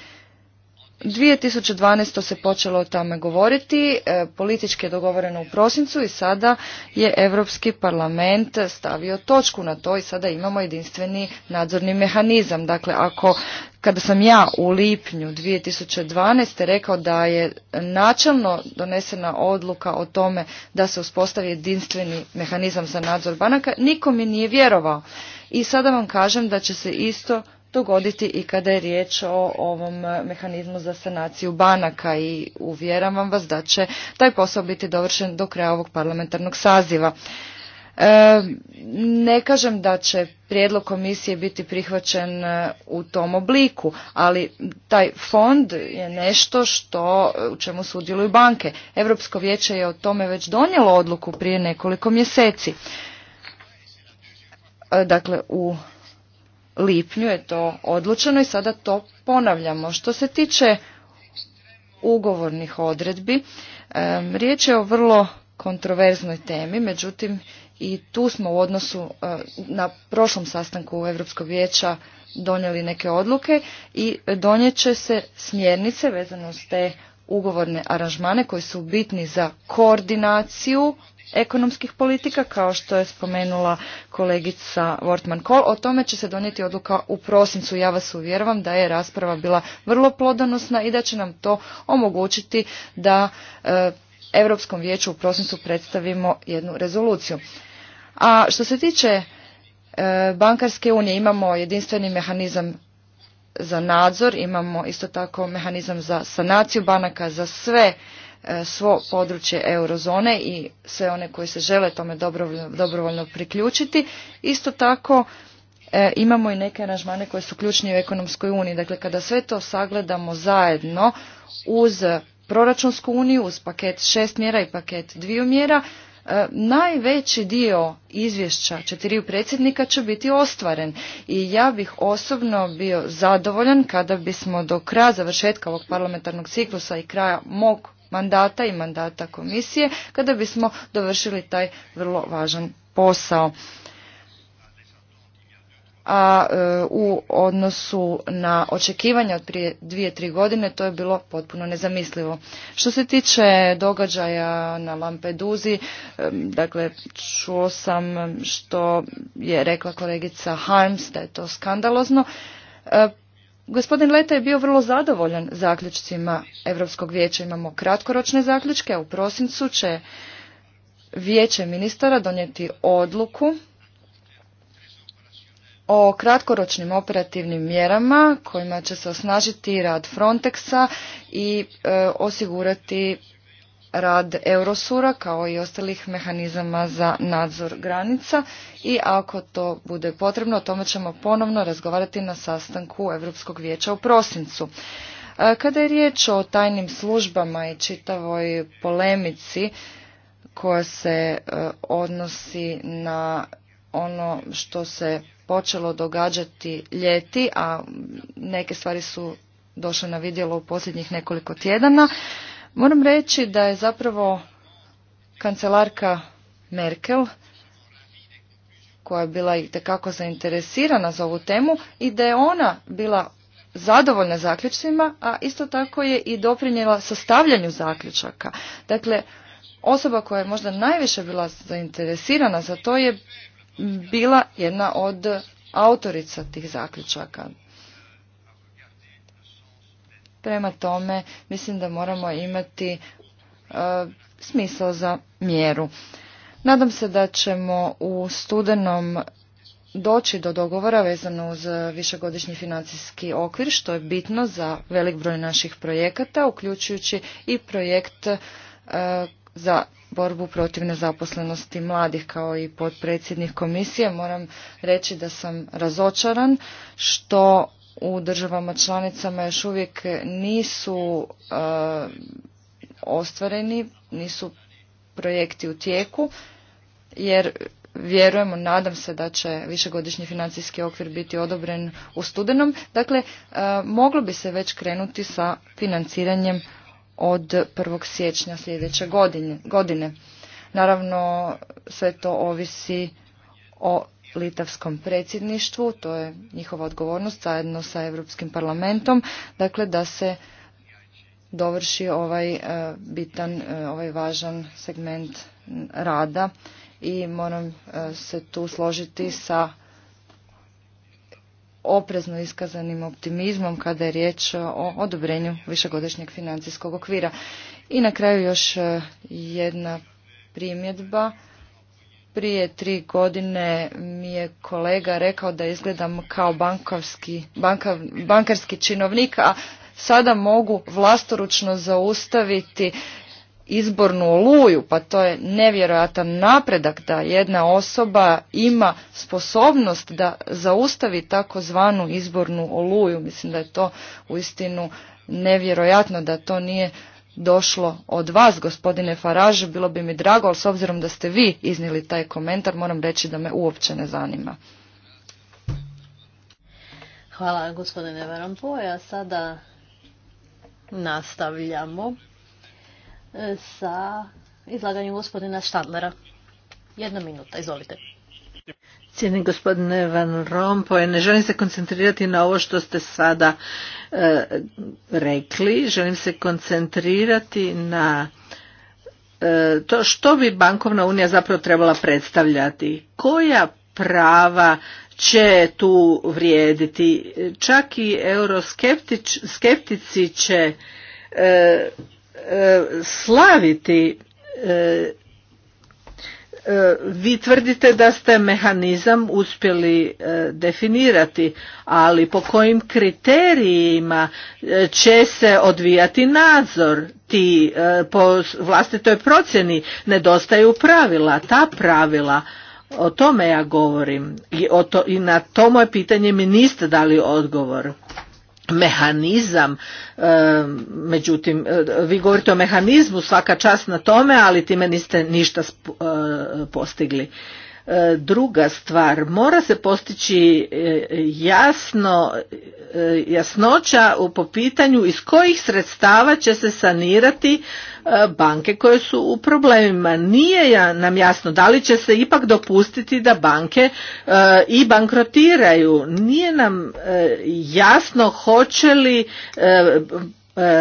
2012. se počelo o tome govoriti, e, politički je dogovoreno u prosincu i sada je Europski parlament stavio točku na to i sada imamo jedinstveni nadzorni mehanizam. Dakle, ako kada sam ja u lipnju 2012. rekao da je načelno donesena odluka o tome da se uspostavi jedinstveni mehanizam za nadzor banaka, niko mi nije vjerovao. I sada vam kažem da će se isto dogoditi i kada je riječ o ovom e, mehanizmu za sanaciju banaka i uvjeravam vas da će taj posao biti dovršen do kraja ovog parlamentarnog saziva. E, ne kažem da će prijedlog komisije biti prihvaćen e, u tom obliku, ali taj fond je nešto što, u čemu sudjeluju banke. Europsko vijeće je o tome već donijelo odluku prije nekoliko mjeseci. dakle, u lipnju je to odlučeno i sada to ponavljamo. Što se tiče ugovornih odredbi, riječ je o vrlo kontroverznoj temi, međutim i tu smo u odnosu na prošlom sastanku Europskog vijeća donijeli neke odluke i donijet će se smjernice vezano s te ugovorne aranžmane koji su bitni za koordinaciju ekonomskih politika, kao što je spomenula kolegica Wortman Kohl. O tome će se donijeti odluka u prosincu. Ja vas uvjeravam da je rasprava bila vrlo plodonosna i da će nam to omogućiti da e, Europskom vijeću u prosincu predstavimo jednu rezoluciju. A što se tiče e, bankarske unije imamo jedinstveni mehanizam za nadzor, imamo isto tako mehanizam za sanaciju banaka za sve E, svo područje eurozone i sve one koji se žele tome dobrovoljno priključiti. Isto tako e, imamo i neke aranžmane koje su ključni u ekonomskoj uniji. Dakle, kada sve to sagledamo zajedno uz proračunsku uniju, uz paket šest mjera i paket dviju mjera, e, najveći dio izvješća četiriju predsjednika će biti ostvaren i ja bih osobno bio zadovoljan kada bismo do kraja završetka ovog parlamentarnog ciklusa i kraja mog mandata i mandata komisije kada bismo dovršili taj vrlo važan posao. A e, u odnosu na očekivanja od prije dvije, tri godine to je bilo potpuno nezamislivo. Što se tiče događaja na Lampeduzi, e, dakle čuo sam što je rekla kolegica Harms da je to skandalozno. E, Gospodin Leta je bio vrlo zadovoljan zaključcima Europskog vijeća. Imamo kratkoročne zaključke, a u prosincu će vijeće ministara donijeti odluku o kratkoročnim operativnim mjerama kojima će se osnažiti rad Frontexa i e, osigurati rad Eurosura kao i ostalih mehanizama za nadzor granica i ako to bude potrebno o tome ćemo ponovno razgovarati na sastanku Europskog vijeća u prosincu. E, kada je riječ o tajnim službama i čitavoj polemici koja se e, odnosi na ono što se počelo događati ljeti, a neke stvari su došle na vidjelo u posljednjih nekoliko tjedana, Moram reći da je zapravo kancelarka Merkel koja je bila i tekako zainteresirana za ovu temu i da je ona bila zadovoljna zaključcima, a isto tako je i doprinjela sastavljanju zaključaka. Dakle, osoba koja je možda najviše bila zainteresirana za to je bila jedna od autorica tih zaključaka. Prema tome, mislim da moramo imati e, smisao za mjeru. Nadam se da ćemo u studenom doći do dogovora vezano uz višegodišnji financijski okvir, što je bitno za velik broj naših projekata, uključujući i projekt e, za borbu protiv nezaposlenosti mladih kao i potpredsjednik komisije moram reći da sam razočaran što u državama članicama još uvijek nisu e, ostvareni, nisu projekti u tijeku, jer vjerujemo, nadam se da će višegodišnji financijski okvir biti odobren u studenom. Dakle, e, moglo bi se već krenuti sa financiranjem od 1. siječnja sljedeće godine. Naravno, sve to ovisi o litavskom predsjedništvu, to je njihova odgovornost zajedno sa Europskim parlamentom, dakle da se dovrši ovaj e, bitan, e, ovaj važan segment rada i moram e, se tu složiti sa oprezno iskazanim optimizmom kada je riječ o odobrenju višegodišnjeg financijskog okvira. I na kraju još jedna primjedba prije tri godine mi je kolega rekao da izgledam kao bankarski, bankarski činovnik, a sada mogu vlastoručno zaustaviti izbornu oluju, pa to je nevjerojatan napredak da jedna osoba ima sposobnost da zaustavi takozvanu izbornu oluju. Mislim da je to uistinu nevjerojatno da to nije došlo od vas, gospodine Faraž, bilo bi mi drago, ali s obzirom da ste vi iznijeli taj komentar, moram reći da me uopće ne zanima. Hvala, gospodine a Sada nastavljamo e, sa izlaganjem gospodina Štadlera. Jedna minuta, izvolite. Cijeni gospodine Van Rompoj, ne želim se koncentrirati na ovo što ste sada e, rekli, želim se koncentrirati na e, to što bi bankovna unija zapravo trebala predstavljati. Koja prava će tu vrijediti? Čak i euroskeptici će e, slaviti E, vi tvrdite da ste mehanizam uspjeli e, definirati, ali po kojim kriterijima e, će se odvijati nadzor ti po vlastitoj procjeni nedostaju pravila, ta pravila o tome ja govorim i, i na to moje pitanje mi niste dali odgovor mehanizam e, međutim e, vi govorite o mehanizmu svaka čast na tome ali time niste ništa e, postigli E, druga stvar, mora se postići e, jasno, e, jasnoća u po pitanju iz kojih sredstava će se sanirati banke koje su u problemima. Nije nam jasno da li će se ipak dopustiti da banke i bankrotiraju. Nije nam jasno hoće li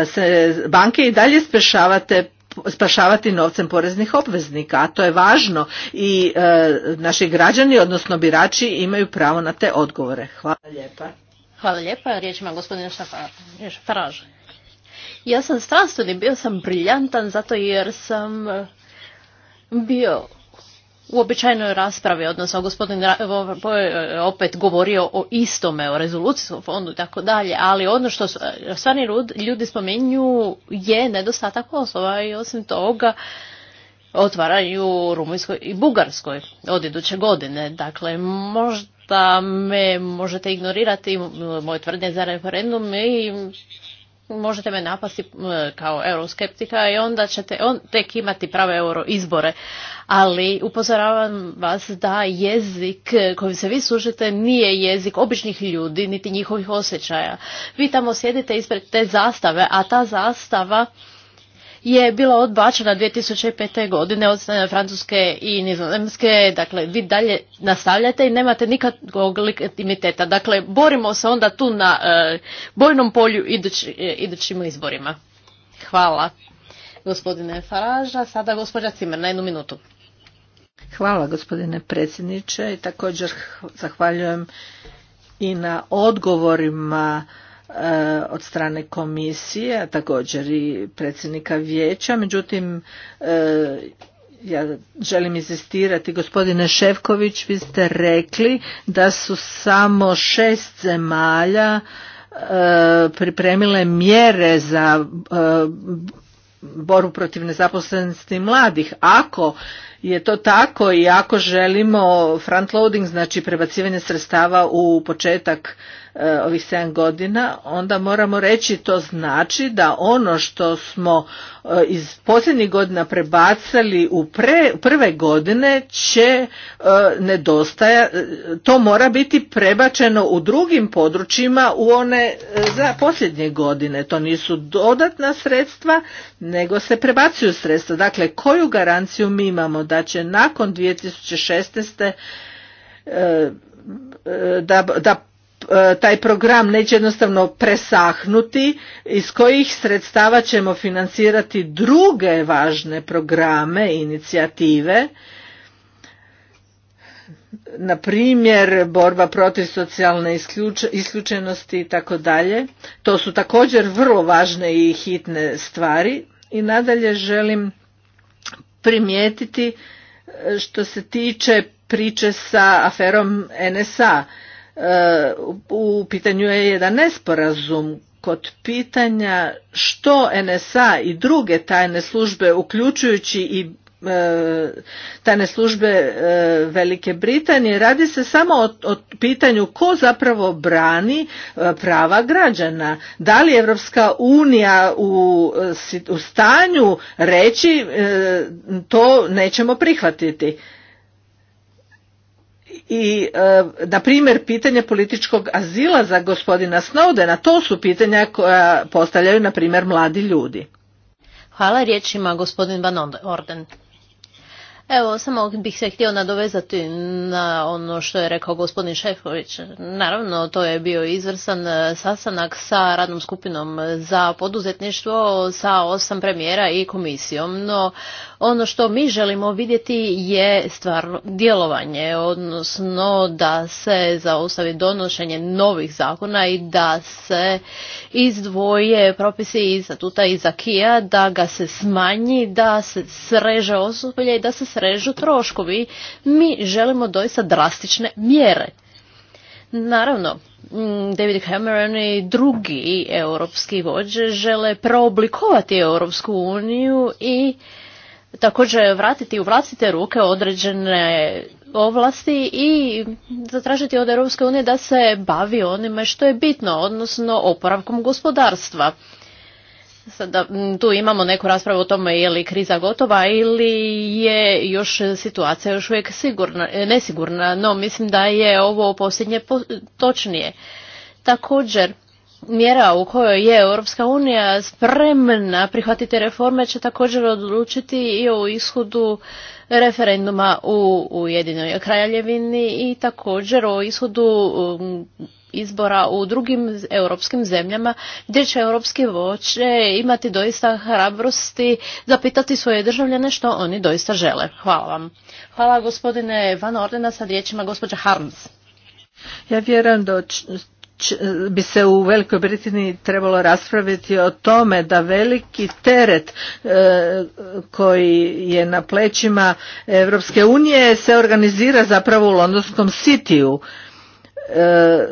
se banke i dalje spešavate spašavati novcem poreznih obveznika, a to je važno i e, naši građani, odnosno birači, imaju pravo na te odgovore. Hvala lijepa. Hvala lijepa, riječ ima Ja sam strastveni, bio sam briljantan zato jer sam e, bio uobičajenoj raspravi, odnosno gospodin e, opet govorio o istome, o rezolucijskom fondu i tako dalje, ali ono što e, stvarni ljudi spomenju je nedostatak poslova i osim toga otvaraju Rumunjskoj i Bugarskoj od iduće godine. Dakle, možda me možete ignorirati moje tvrdnje za referendum i možete me napasti kao euroskeptika i onda ćete on tek imati prave euro izbore. Ali upozoravam vas da jezik kojim se vi služite nije jezik običnih ljudi niti njihovih osjećaja. Vi tamo sjedite ispred te zastave, a ta zastava je bila odbačena 2005. godine od strane Francuske i Nizozemske. Dakle, vi dalje nastavljate i nemate nikakvog legitimiteta. Dakle, borimo se onda tu na e, bojnom polju idući, e, idućim izborima. Hvala gospodine Faraža. Sada gospođa Cimer na jednu minutu. Hvala gospodine predsjedniče i također zahvaljujem i na odgovorima Eh, od strane komisije, a također i predsjednika vijeća. Međutim, eh, ja želim izistirati, gospodine Ševković, vi ste rekli da su samo šest zemalja eh, pripremile mjere za boru protiv nezaposlenosti mladih. Ako je to tako i ako želimo frontloading, znači prebacivanje sredstava u početak E, ovih 7 godina, onda moramo reći to znači da ono što smo e, iz posljednjih godina prebacali u prve godine će e, nedostaja, to mora biti prebačeno u drugim područjima u one za posljednje godine. To nisu dodatna sredstva, nego se prebacuju sredstva. Dakle, koju garanciju mi imamo da će nakon 2016. da, da E, taj program neće jednostavno presahnuti iz kojih sredstava ćemo financirati druge važne programe i inicijative na primjer borba protiv socijalne isključenosti i tako dalje to su također vrlo važne i hitne stvari i nadalje želim primijetiti e, što se tiče priče sa aferom NSA u pitanju je jedan nesporazum kod pitanja što NSA i druge tajne službe uključujući i e, tajne službe e, Velike Britanije radi se samo o, pitanju ko zapravo brani e, prava građana. Da li Evropska unija u stanju reći to nećemo prihvatiti i e, na primjer pitanje političkog azila za gospodina Snowdena, to su pitanja koja postavljaju na primjer mladi ljudi. Hvala riječima gospodin Van Orden. Evo, samo bih se htio nadovezati na ono što je rekao gospodin Šefović. Naravno, to je bio izvrsan e, sastanak sa radnom skupinom za poduzetništvo, sa osam premijera i komisijom. No, ono što mi želimo vidjeti je stvarno djelovanje, odnosno da se zaustavi donošenje novih zakona i da se izdvoje propisi iz i za Kija, da ga se smanji, da se sreže osoblje i da se srežu troškovi. Mi želimo doista drastične mjere. Naravno, mm, David Cameron i drugi europski vođe žele preoblikovati Europsku uniju i također vratiti u vlastite ruke određene ovlasti i zatražiti od Europske unije da se bavi onime što je bitno, odnosno oporavkom gospodarstva. Sada tu imamo neku raspravu o tome je li kriza gotova ili je još situacija još uvijek sigurna, e, nesigurna, no mislim da je ovo posljednje točnije. Također, mjera u kojoj je Europska unija spremna prihvatiti reforme će također odlučiti i o ishodu referenduma u Ujedinoj kraljevini i također o ishodu izbora u drugim europskim zemljama gdje će europski voće imati doista hrabrosti zapitati svoje državljane što oni doista žele. Hvala vam. Hvala gospodine Van Ordena sa riječima gospođa Harms. Ja vjerujem da bi se u Velikoj Britaniji trebalo raspraviti o tome da veliki teret e, koji je na plećima Europske unije se organizira zapravo u londonskom sitiju. E,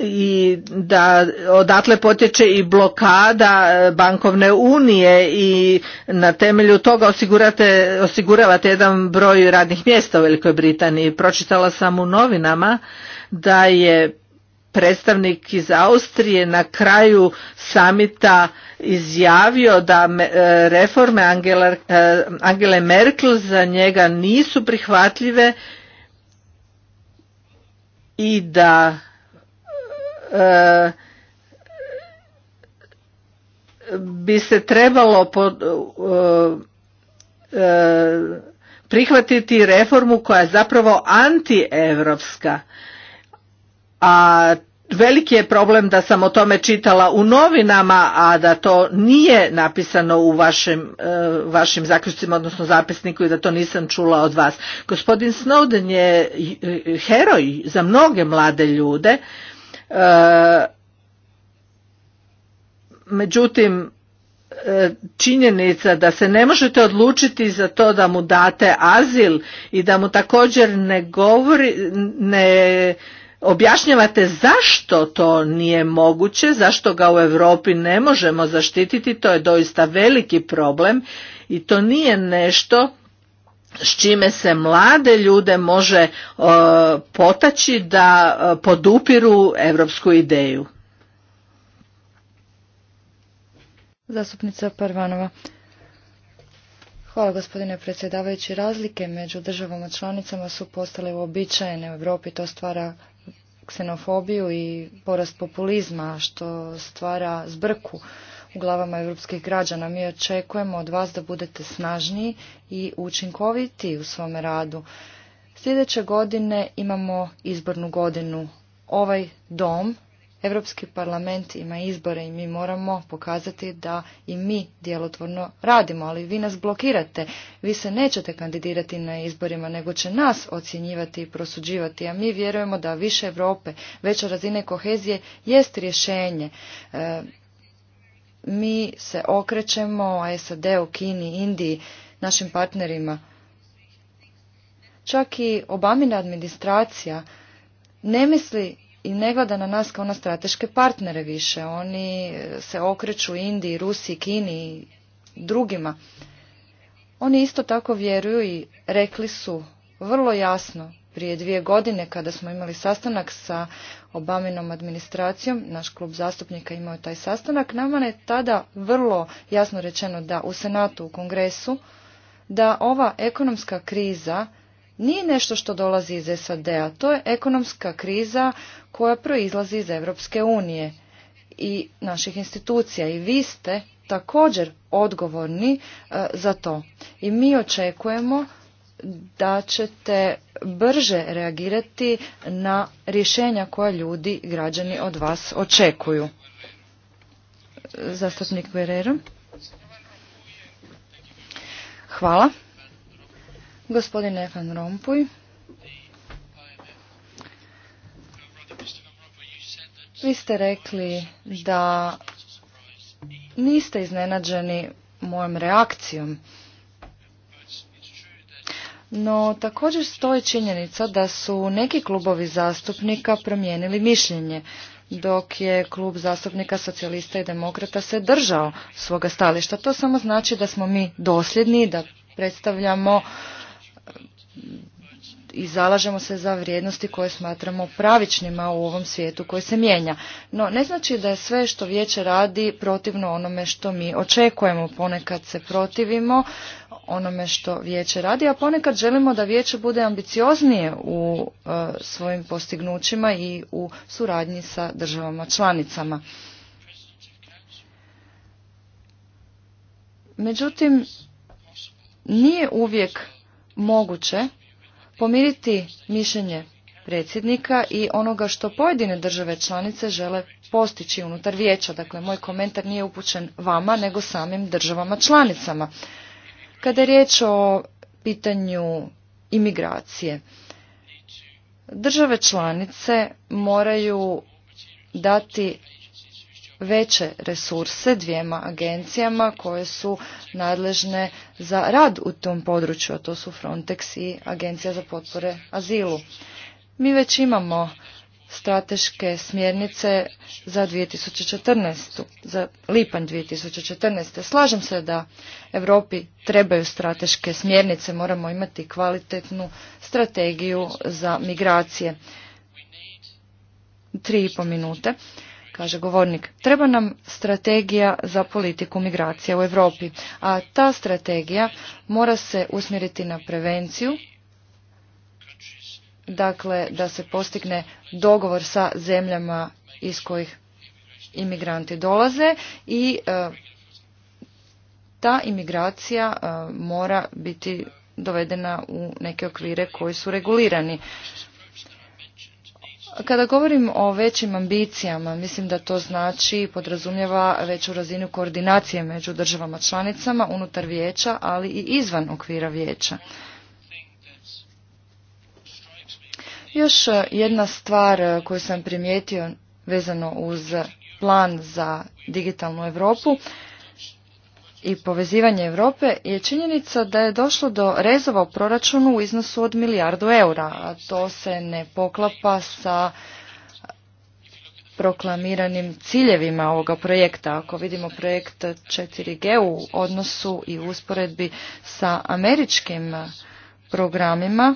i da odatle potječe i blokada e, bankovne unije i na temelju toga osiguravate jedan broj radnih mjesta u Velikoj Britaniji. Pročitala sam u novinama da je predstavnik iz Austrije na kraju samita izjavio da e, reforme Angela, e, Angele Merkel za njega nisu prihvatljive i da bi se trebalo e, e, prihvatiti reformu koja je zapravo antievropska. A veliki je problem da sam o tome čitala u novinama, a da to nije napisano u vašim, e, vašim zaključcima, odnosno zapisniku i da to nisam čula od vas. Gospodin Snowden je heroj za mnoge mlade ljude E, međutim, e, činjenica da se ne možete odlučiti za to da mu date azil i da mu također ne govori, ne objašnjavate zašto to nije moguće, zašto ga u Europi ne možemo zaštititi, to je doista veliki problem i to nije nešto s čime se mlade ljude može e, potaći da e, podupiru europsku ideju. Zastupnica Parvanova. Hvala gospodine predsjedavajući. Razlike među državama članicama su postale uobičajene u Europi. To stvara ksenofobiju i porast populizma što stvara zbrku glavama europskih građana. Mi očekujemo od vas da budete snažniji i učinkoviti u svom radu. Sljedeće godine imamo izbornu godinu. Ovaj dom, Europski parlament ima izbore i mi moramo pokazati da i mi djelotvorno radimo, ali vi nas blokirate. Vi se nećete kandidirati na izborima, nego će nas ocjenjivati i prosuđivati, a mi vjerujemo da više Europe, veća razine kohezije jest rješenje. E, mi se okrećemo SAD-u, Kini, Indiji, našim partnerima. Čak i Obamina administracija ne misli i ne gleda na nas kao na strateške partnere više. Oni se okreću Indiji, Rusiji, Kini i drugima. Oni isto tako vjeruju i rekli su vrlo jasno prije dvije godine kada smo imali sastanak sa Obaminom administracijom, naš klub zastupnika imao je taj sastanak, nama je tada vrlo jasno rečeno da u Senatu, u Kongresu, da ova ekonomska kriza nije nešto što dolazi iz SAD-a, to je ekonomska kriza koja proizlazi iz Europske unije i naših institucija i vi ste također odgovorni e, za to. I mi očekujemo da ćete brže reagirati na rješenja koja ljudi, građani od vas očekuju. Zastupnik Guerrero. Hvala. Gospodine Van Rompuj. Vi ste rekli da niste iznenađeni mojom reakcijom no također stoji činjenica da su neki klubovi zastupnika promijenili mišljenje dok je klub zastupnika socijalista i demokrata se držao svoga stališta. To samo znači da smo mi dosljedni, da predstavljamo i zalažemo se za vrijednosti koje smatramo pravičnima u ovom svijetu koji se mijenja. No, ne znači da je sve što vijeće radi protivno onome što mi očekujemo. Ponekad se protivimo onome što vijeće radi, a ponekad želimo da vijeće bude ambicioznije u e, svojim postignućima i u suradnji sa državama članicama. Međutim, nije uvijek moguće pomiriti mišljenje predsjednika i onoga što pojedine države članice žele postići unutar vijeća. Dakle, moj komentar nije upućen vama, nego samim državama članicama. Kada je riječ o pitanju imigracije, države članice moraju dati veće resurse dvijema agencijama koje su nadležne za rad u tom području, a to su Frontex i Agencija za potpore azilu. Mi već imamo strateške smjernice za 2014. za lipanj 2014. Slažem se da Europi trebaju strateške smjernice, moramo imati kvalitetnu strategiju za migracije. Tri i po minute kaže govornik. Treba nam strategija za politiku migracija u Europi, a ta strategija mora se usmjeriti na prevenciju, dakle da se postigne dogovor sa zemljama iz kojih imigranti dolaze i e, ta imigracija e, mora biti dovedena u neke okvire koji su regulirani. Kada govorim o većim ambicijama, mislim da to znači i podrazumijeva veću razinu koordinacije među državama članicama unutar vijeća, ali i izvan okvira vijeća. Još jedna stvar koju sam primijetio vezano uz plan za digitalnu Europu i povezivanje Europe je činjenica da je došlo do rezova u proračunu u iznosu od milijardu eura, a to se ne poklapa sa proklamiranim ciljevima ovoga projekta. Ako vidimo projekt 4G u odnosu i usporedbi sa američkim programima,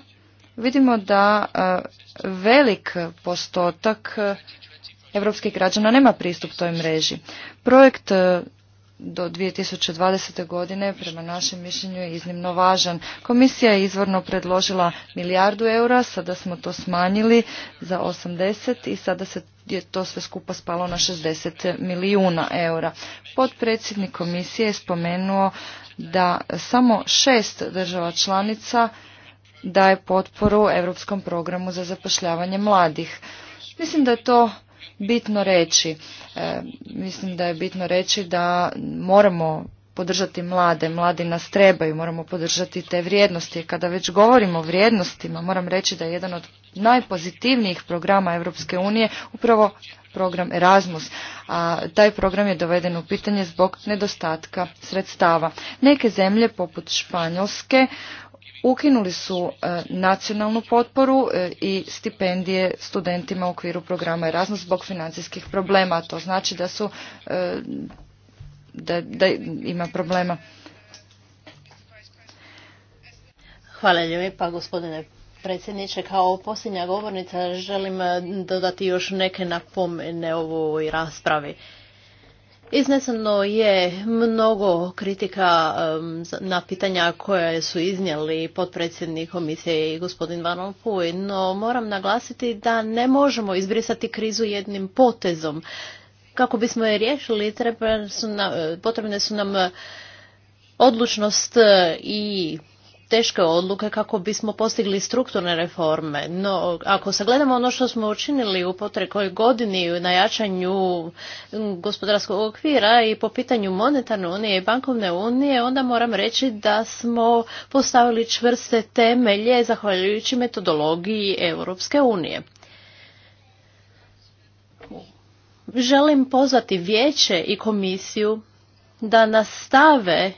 vidimo da e, velik postotak evropskih građana nema pristup toj mreži. Projekt e, do 2020. godine prema našem mišljenju je iznimno važan. Komisija je izvorno predložila milijardu eura, sada smo to smanjili za 80 i sada se je to sve skupa spalo na 60 milijuna eura. Potpredsjednik komisije je spomenuo da samo šest država članica daje potporu Europskom programu za zapošljavanje mladih. Mislim da je to bitno reći. E, mislim da je bitno reći da moramo podržati mlade, mladi nas trebaju, moramo podržati te vrijednosti. Kada već govorimo o vrijednostima, moram reći da je jedan od najpozitivnijih programa Europske unije upravo program Erasmus, a taj program je doveden u pitanje zbog nedostatka sredstava. Neke zemlje poput Španjolske ukinuli su e, nacionalnu potporu e, i stipendije studentima u okviru programa Erasmus zbog financijskih problema. To znači da su e, da, ima problema. Hvala lijepa gospodine predsjedniče. Kao posljednja govornica želim dodati još neke napomene ovoj raspravi. Izneseno je mnogo kritika na pitanja koje su iznijeli potpredsjednik komisije i gospodin Van Rompuy, no moram naglasiti da ne možemo izbrisati krizu jednim potezom. Kako bismo je riješili, su potrebne su nam odlučnost i teške odluke kako bismo postigli strukturne reforme. No, ako sagledamo ono što smo učinili u potrekoj godini na jačanju mm, gospodarskog okvira i po pitanju monetarne unije i bankovne unije, onda moram reći da smo postavili čvrste temelje zahvaljujući metodologiji Europske unije. Želim pozvati vijeće i komisiju da nastave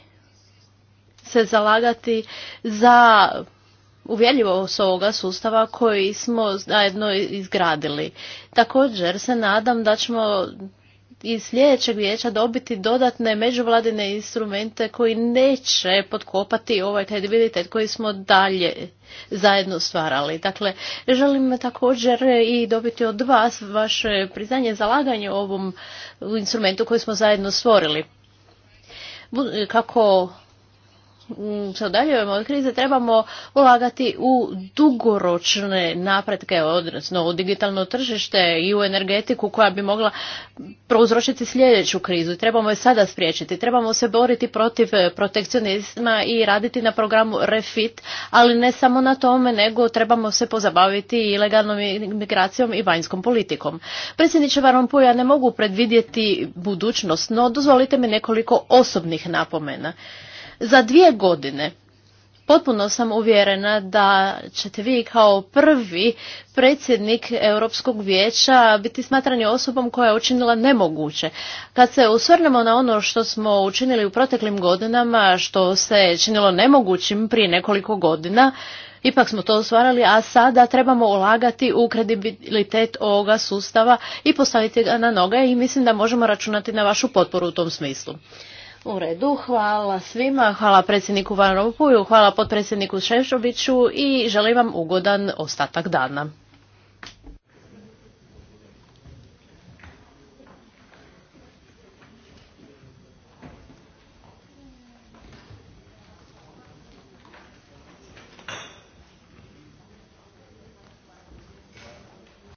se zalagati za uvjeljivost ovoga sustava koji smo zajedno izgradili. Također se nadam da ćemo iz sljedećeg vijeća dobiti dodatne međuvladine instrumente koji neće potkopati ovaj kredibilitet koji smo dalje zajedno stvarali. Dakle, želim također i dobiti od vas vaše priznanje zalaganje ovom instrumentu koji smo zajedno stvorili. Kako se mm, odaljujemo od krize, trebamo ulagati u dugoročne napretke, odnosno u digitalno tržište i u energetiku koja bi mogla prouzročiti sljedeću krizu. Trebamo je sada spriječiti. Trebamo se boriti protiv eh, protekcionizma i raditi na programu REFIT, ali ne samo na tome, nego trebamo se pozabaviti i legalnom migracijom i vanjskom politikom. Predsjedniče Varompu, ja ne mogu predvidjeti budućnost, no dozvolite mi nekoliko osobnih napomena za dvije godine. Potpuno sam uvjerena da ćete vi kao prvi predsjednik Europskog vijeća biti smatrani osobom koja je učinila nemoguće. Kad se osvrnemo na ono što smo učinili u proteklim godinama, što se činilo nemogućim prije nekoliko godina, ipak smo to ostvarili, a sada trebamo ulagati u kredibilitet ovoga sustava i postaviti ga na noge i mislim da možemo računati na vašu potporu u tom smislu. U redu, hvala svima, hvala predsjedniku Van hvala potpredsjedniku Šešoviću i želim vam ugodan ostatak dana.